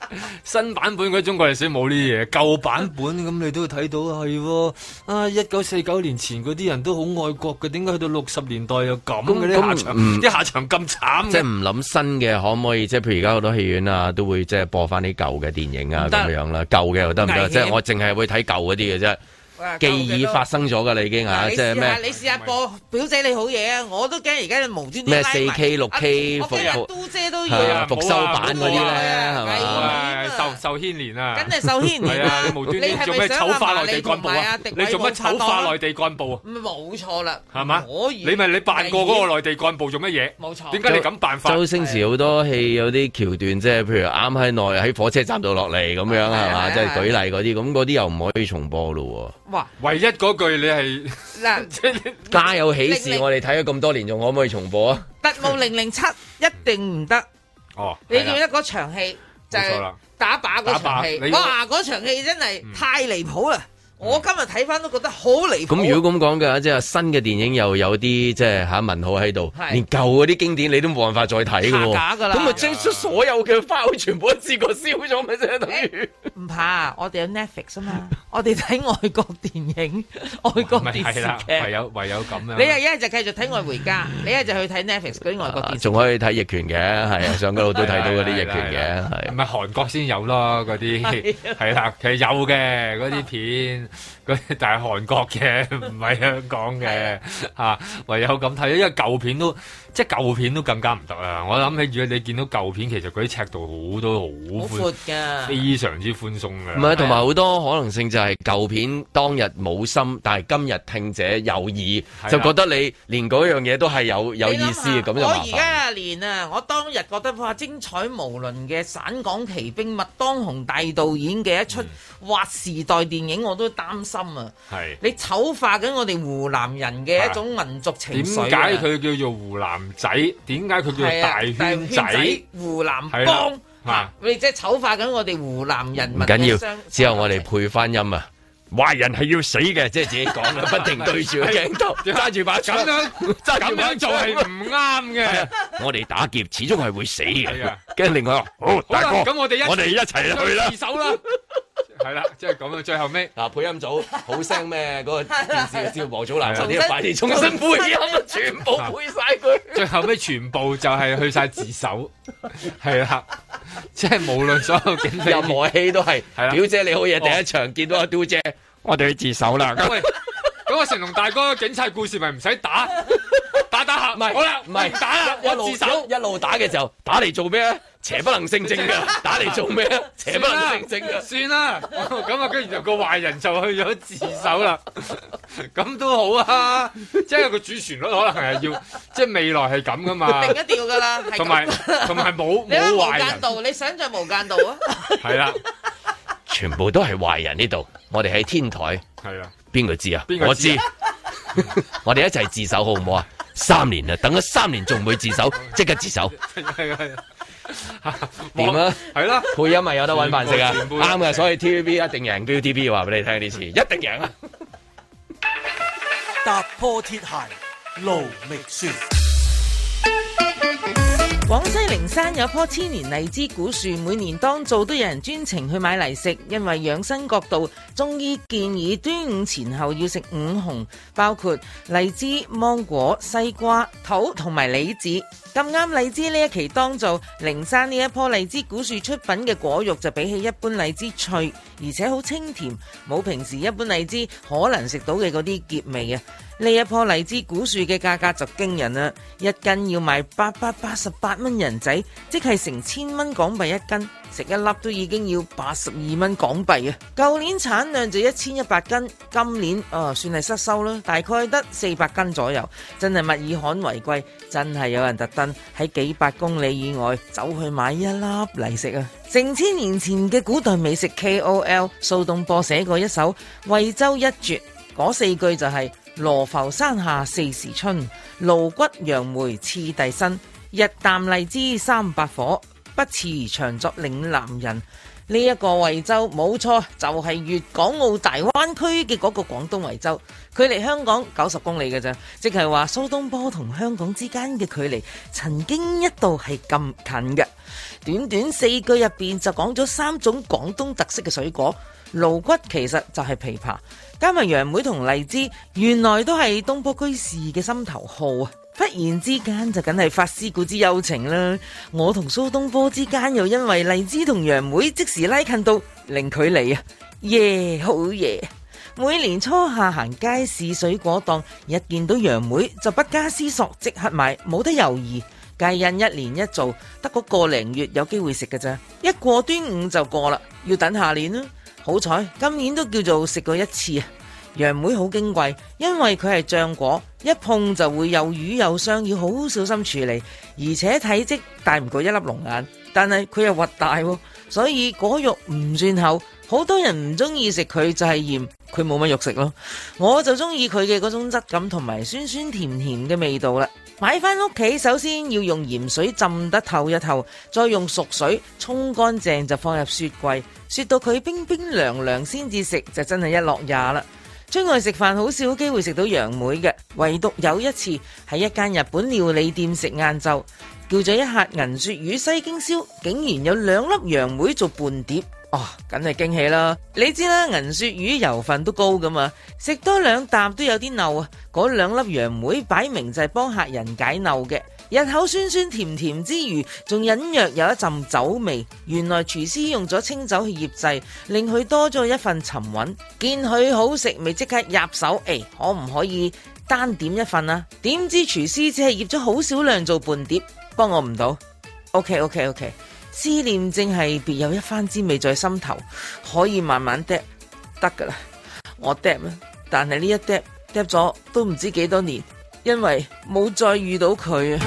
新版本嘅中國歷史冇呢嘢，舊版本咁你都會睇到係啊，一九四九年前嗰啲人都好愛國嘅，點解？到六十年代又咁啲下場，啲、嗯、下場咁慘、啊，即係唔諗新嘅可唔可以？即係譬如而家好多戲院啊，都會即係播返啲舊嘅電影啊，咁行樣啦、啊，舊嘅又得唔得？險即係我淨係會睇舊嗰啲嘅啫。既已發生咗㗎啦，已經啊，即係咩？你試下播表姐你好嘢啊！我都驚而家無端端咩四 K、六 K 復都姐都復修版嗰啲咧，係咪？受受牽連啊！梗係受牽連啦！你無端端做咩醜化內地幹部啊？你做乜醜化內地幹部啊？冇錯啦，係嘛？可以？你咪你扮過嗰個內地幹部做乜嘢？冇錯。點解你咁扮法？周星馳好多戲有啲橋段，即係譬如啱喺內喺火車站度落嚟咁樣係嘛？即係舉例嗰啲，咁嗰啲又唔可以重播咯喎！唯一嗰句你係嗱，家有喜事，零零我哋睇咗咁多年，仲可唔可以重播啊？特務零零七一定唔得。哦，你記得嗰場戲就係打靶嗰場戲？嗰嗰場戲真係太離譜啦！嗯我今日睇翻都覺得好離譜、啊。咁、嗯、如果咁講嘅，即係新嘅電影又有啲即係嚇、啊、文號喺度，連舊嗰啲經典你都冇辦法再睇喎。下架㗎啦。咁啊將出所有嘅花、啊、全部一次過燒咗咪啫？等於唔怕，我哋有 Netflix 啊嘛， 我哋睇外國電影、外國電影，劇、啊。唯有唯有咁、啊、你係一就繼續睇《愛回家，》 你一日就去睇 Netflix 嗰啲外國電影，仲、啊、可以睇《逆權》嘅，係啊，上個路都睇到嗰啲《逆權》嘅，係、 啊。唔係、啊啊啊啊、韓國先有咯，嗰啲係啦，其實有嘅嗰啲片。佢 但係韓國嘅，唔係香港嘅，吓、 啊、唯有咁睇，因為舊片都。即係舊片都更加唔得喇！我諗起如果你見到舊片，其實嗰啲尺度好多好闊㗎，非常之寬鬆嘅。唔係，同埋好多可能性就係舊片當日冇心，但係今日聽者有意，就覺得你連嗰樣嘢都係有有意思嘅，咁就麻煩。我而家連啊，我當日覺得哇，精彩無倫嘅《省港旗兵》，麥當雄大導演嘅一出劃、嗯、時代電影，我都擔心啊！係你醜化緊我哋湖南人嘅一種民族情緒、啊。點解佢叫做湖南？為什麼他仔，點解佢叫大圈仔？湖南幫。吓，你即係醜化緊我哋湖南人。唔緊要，之後我哋配翻音啊！壞人係要死嘅，即係自己講，不停對住鏡頭揸住把槍，咁樣做係唔啱嘅。我哋打劫始終係會死嘅。跟住另外，好 大哥，咁我哋我哋一齊去啦，自首啦。係 啦，即係講到最後尾，嗱、啊，配音組好聲咩？嗰、那個電視嘅消防組，快啲重新配音， 全部配晒佢。最後尾全部就係去晒自首，係 啦，即、就、係、是、無論所有警察，任何戲都係。表姐你好嘢，第一場見到杜姐，我哋去自首啦。咁 因為，咁 個成龍大哥警察故事咪唔使打。 唔係，好啦，唔係打一,一路走，一路打嘅時候， 打嚟做咩啊？邪不能勝正噶， 打嚟做咩啊？邪不能勝正噶，算啦。咁 啊、嗯，跟住就個壞人就去咗自首啦。咁 都好啊，即係個主旋律可能係要， 即係未來係咁噶嘛。定一調噶啦，同埋同埋冇冇壞。無間 道，道 你想做無間道啊？係啦，全部都係壞人呢度。我哋喺天台，係啊，邊個知啊？我知，知 我哋一齊自首好唔好啊？三年啦，等咗三年仲唔會自首？即 刻自首！係啊係啊，點啊？係啦，配音咪有得搵飯食啊！啱 嘅、啊，所以 TVB 一定贏。ViuTV 話俾你聽呢次！ 一定贏啊！ 踏破鐵鞋路未絕。勞廣西靈山有棵千年荔枝古樹，每年當造都有人專程去買嚟食，因為養生角度，中醫建議端午前後要食五紅，包括荔枝、芒果、西瓜、桃同埋李子。咁啱荔枝呢一期當造，靈山呢一棵荔枝古樹出品嘅果肉就比起一般荔枝脆，而且好清甜，冇平時一般荔枝可能食到嘅嗰啲澀味啊！呢一棵荔枝古樹嘅價格就驚人啦，一斤要賣八百八十八蚊人仔，即係成千蚊港幣一斤。食一粒都已經要八十二蚊港幣啊！舊年產量就一千一百斤，今年啊、哦、算係失收啦，大概得四百斤左右。真係物以罕為貴，真係有人特登喺幾百公里以外走去買一粒嚟食啊！成千年前嘅古代美食 KOL 蘇東坡寫過一首惠州一絕，嗰四句就係、是、羅浮山下四時春，盧橘楊梅次第新，日啖荔枝三百顆，不辭長作嶺南人，呢、這、一個惠州冇錯，就係、是、粵港澳大灣區嘅嗰個廣東惠州，距離香港九十公里嘅啫，即係話蘇東坡同香港之間嘅距離，曾經一度係咁近嘅。短短四句入邊就講咗三種廣東特色嘅水果，盧橘其實就係枇杷；加埋楊梅同荔枝，原來都係東坡居士嘅心頭好啊！忽然之間就梗係發思古之幽情啦！我同蘇東坡之間又因為荔枝同楊梅即時拉近到零距離啊！耶、yeah，好耶！每年初夏行街市水果檔，一見到楊梅就不加思索即刻買，冇得猶豫。皆因一年一做，得嗰個零月有機會食噶咋，一過端午就過啦，要等下年啦。好彩今年都叫做食過一次啊！楊梅好矜貴，因為佢係漿果，一碰就會有瘀有傷，要好小心處理。而且體積大唔過一粒龍眼，但係佢又核大，所以果肉唔算厚。好多人唔中意食佢就係嫌佢冇乜肉食咯。我就中意佢嘅嗰種質感同埋酸酸甜甜嘅味道啦。買返屋企，首先要用鹽水浸得透一透，再用熟水沖乾淨就放入雪櫃，雪到佢冰冰涼涼先至食，就真係一樂也啦。出外食飯好少機會食到楊梅嘅，唯獨有一次喺一間日本料理店食晏晝，叫咗一客銀鱈魚西京燒，竟然有兩粒楊梅做伴碟，哦，梗係驚喜啦！你知啦，銀鱈魚油份都高㗎嘛，食多兩啖都有啲漏啊，嗰兩粒楊梅擺明就係幫客人解漏嘅。入口酸酸甜甜之餘，仲隱約有一陣酒味。原來廚師用咗清酒去醃製，令佢多咗一份沉穩。見佢好食，未即刻入手。誒、欸，可唔可以單點一份啊？點知廚師只係醃咗好少量做伴碟，幫我唔到。OK OK OK，思念正係別有一番滋味在心頭，可以慢慢嗒，得噶啦。我嗒啦，但係呢一嗒嗒咗都唔知幾多年。因為冇再遇到佢。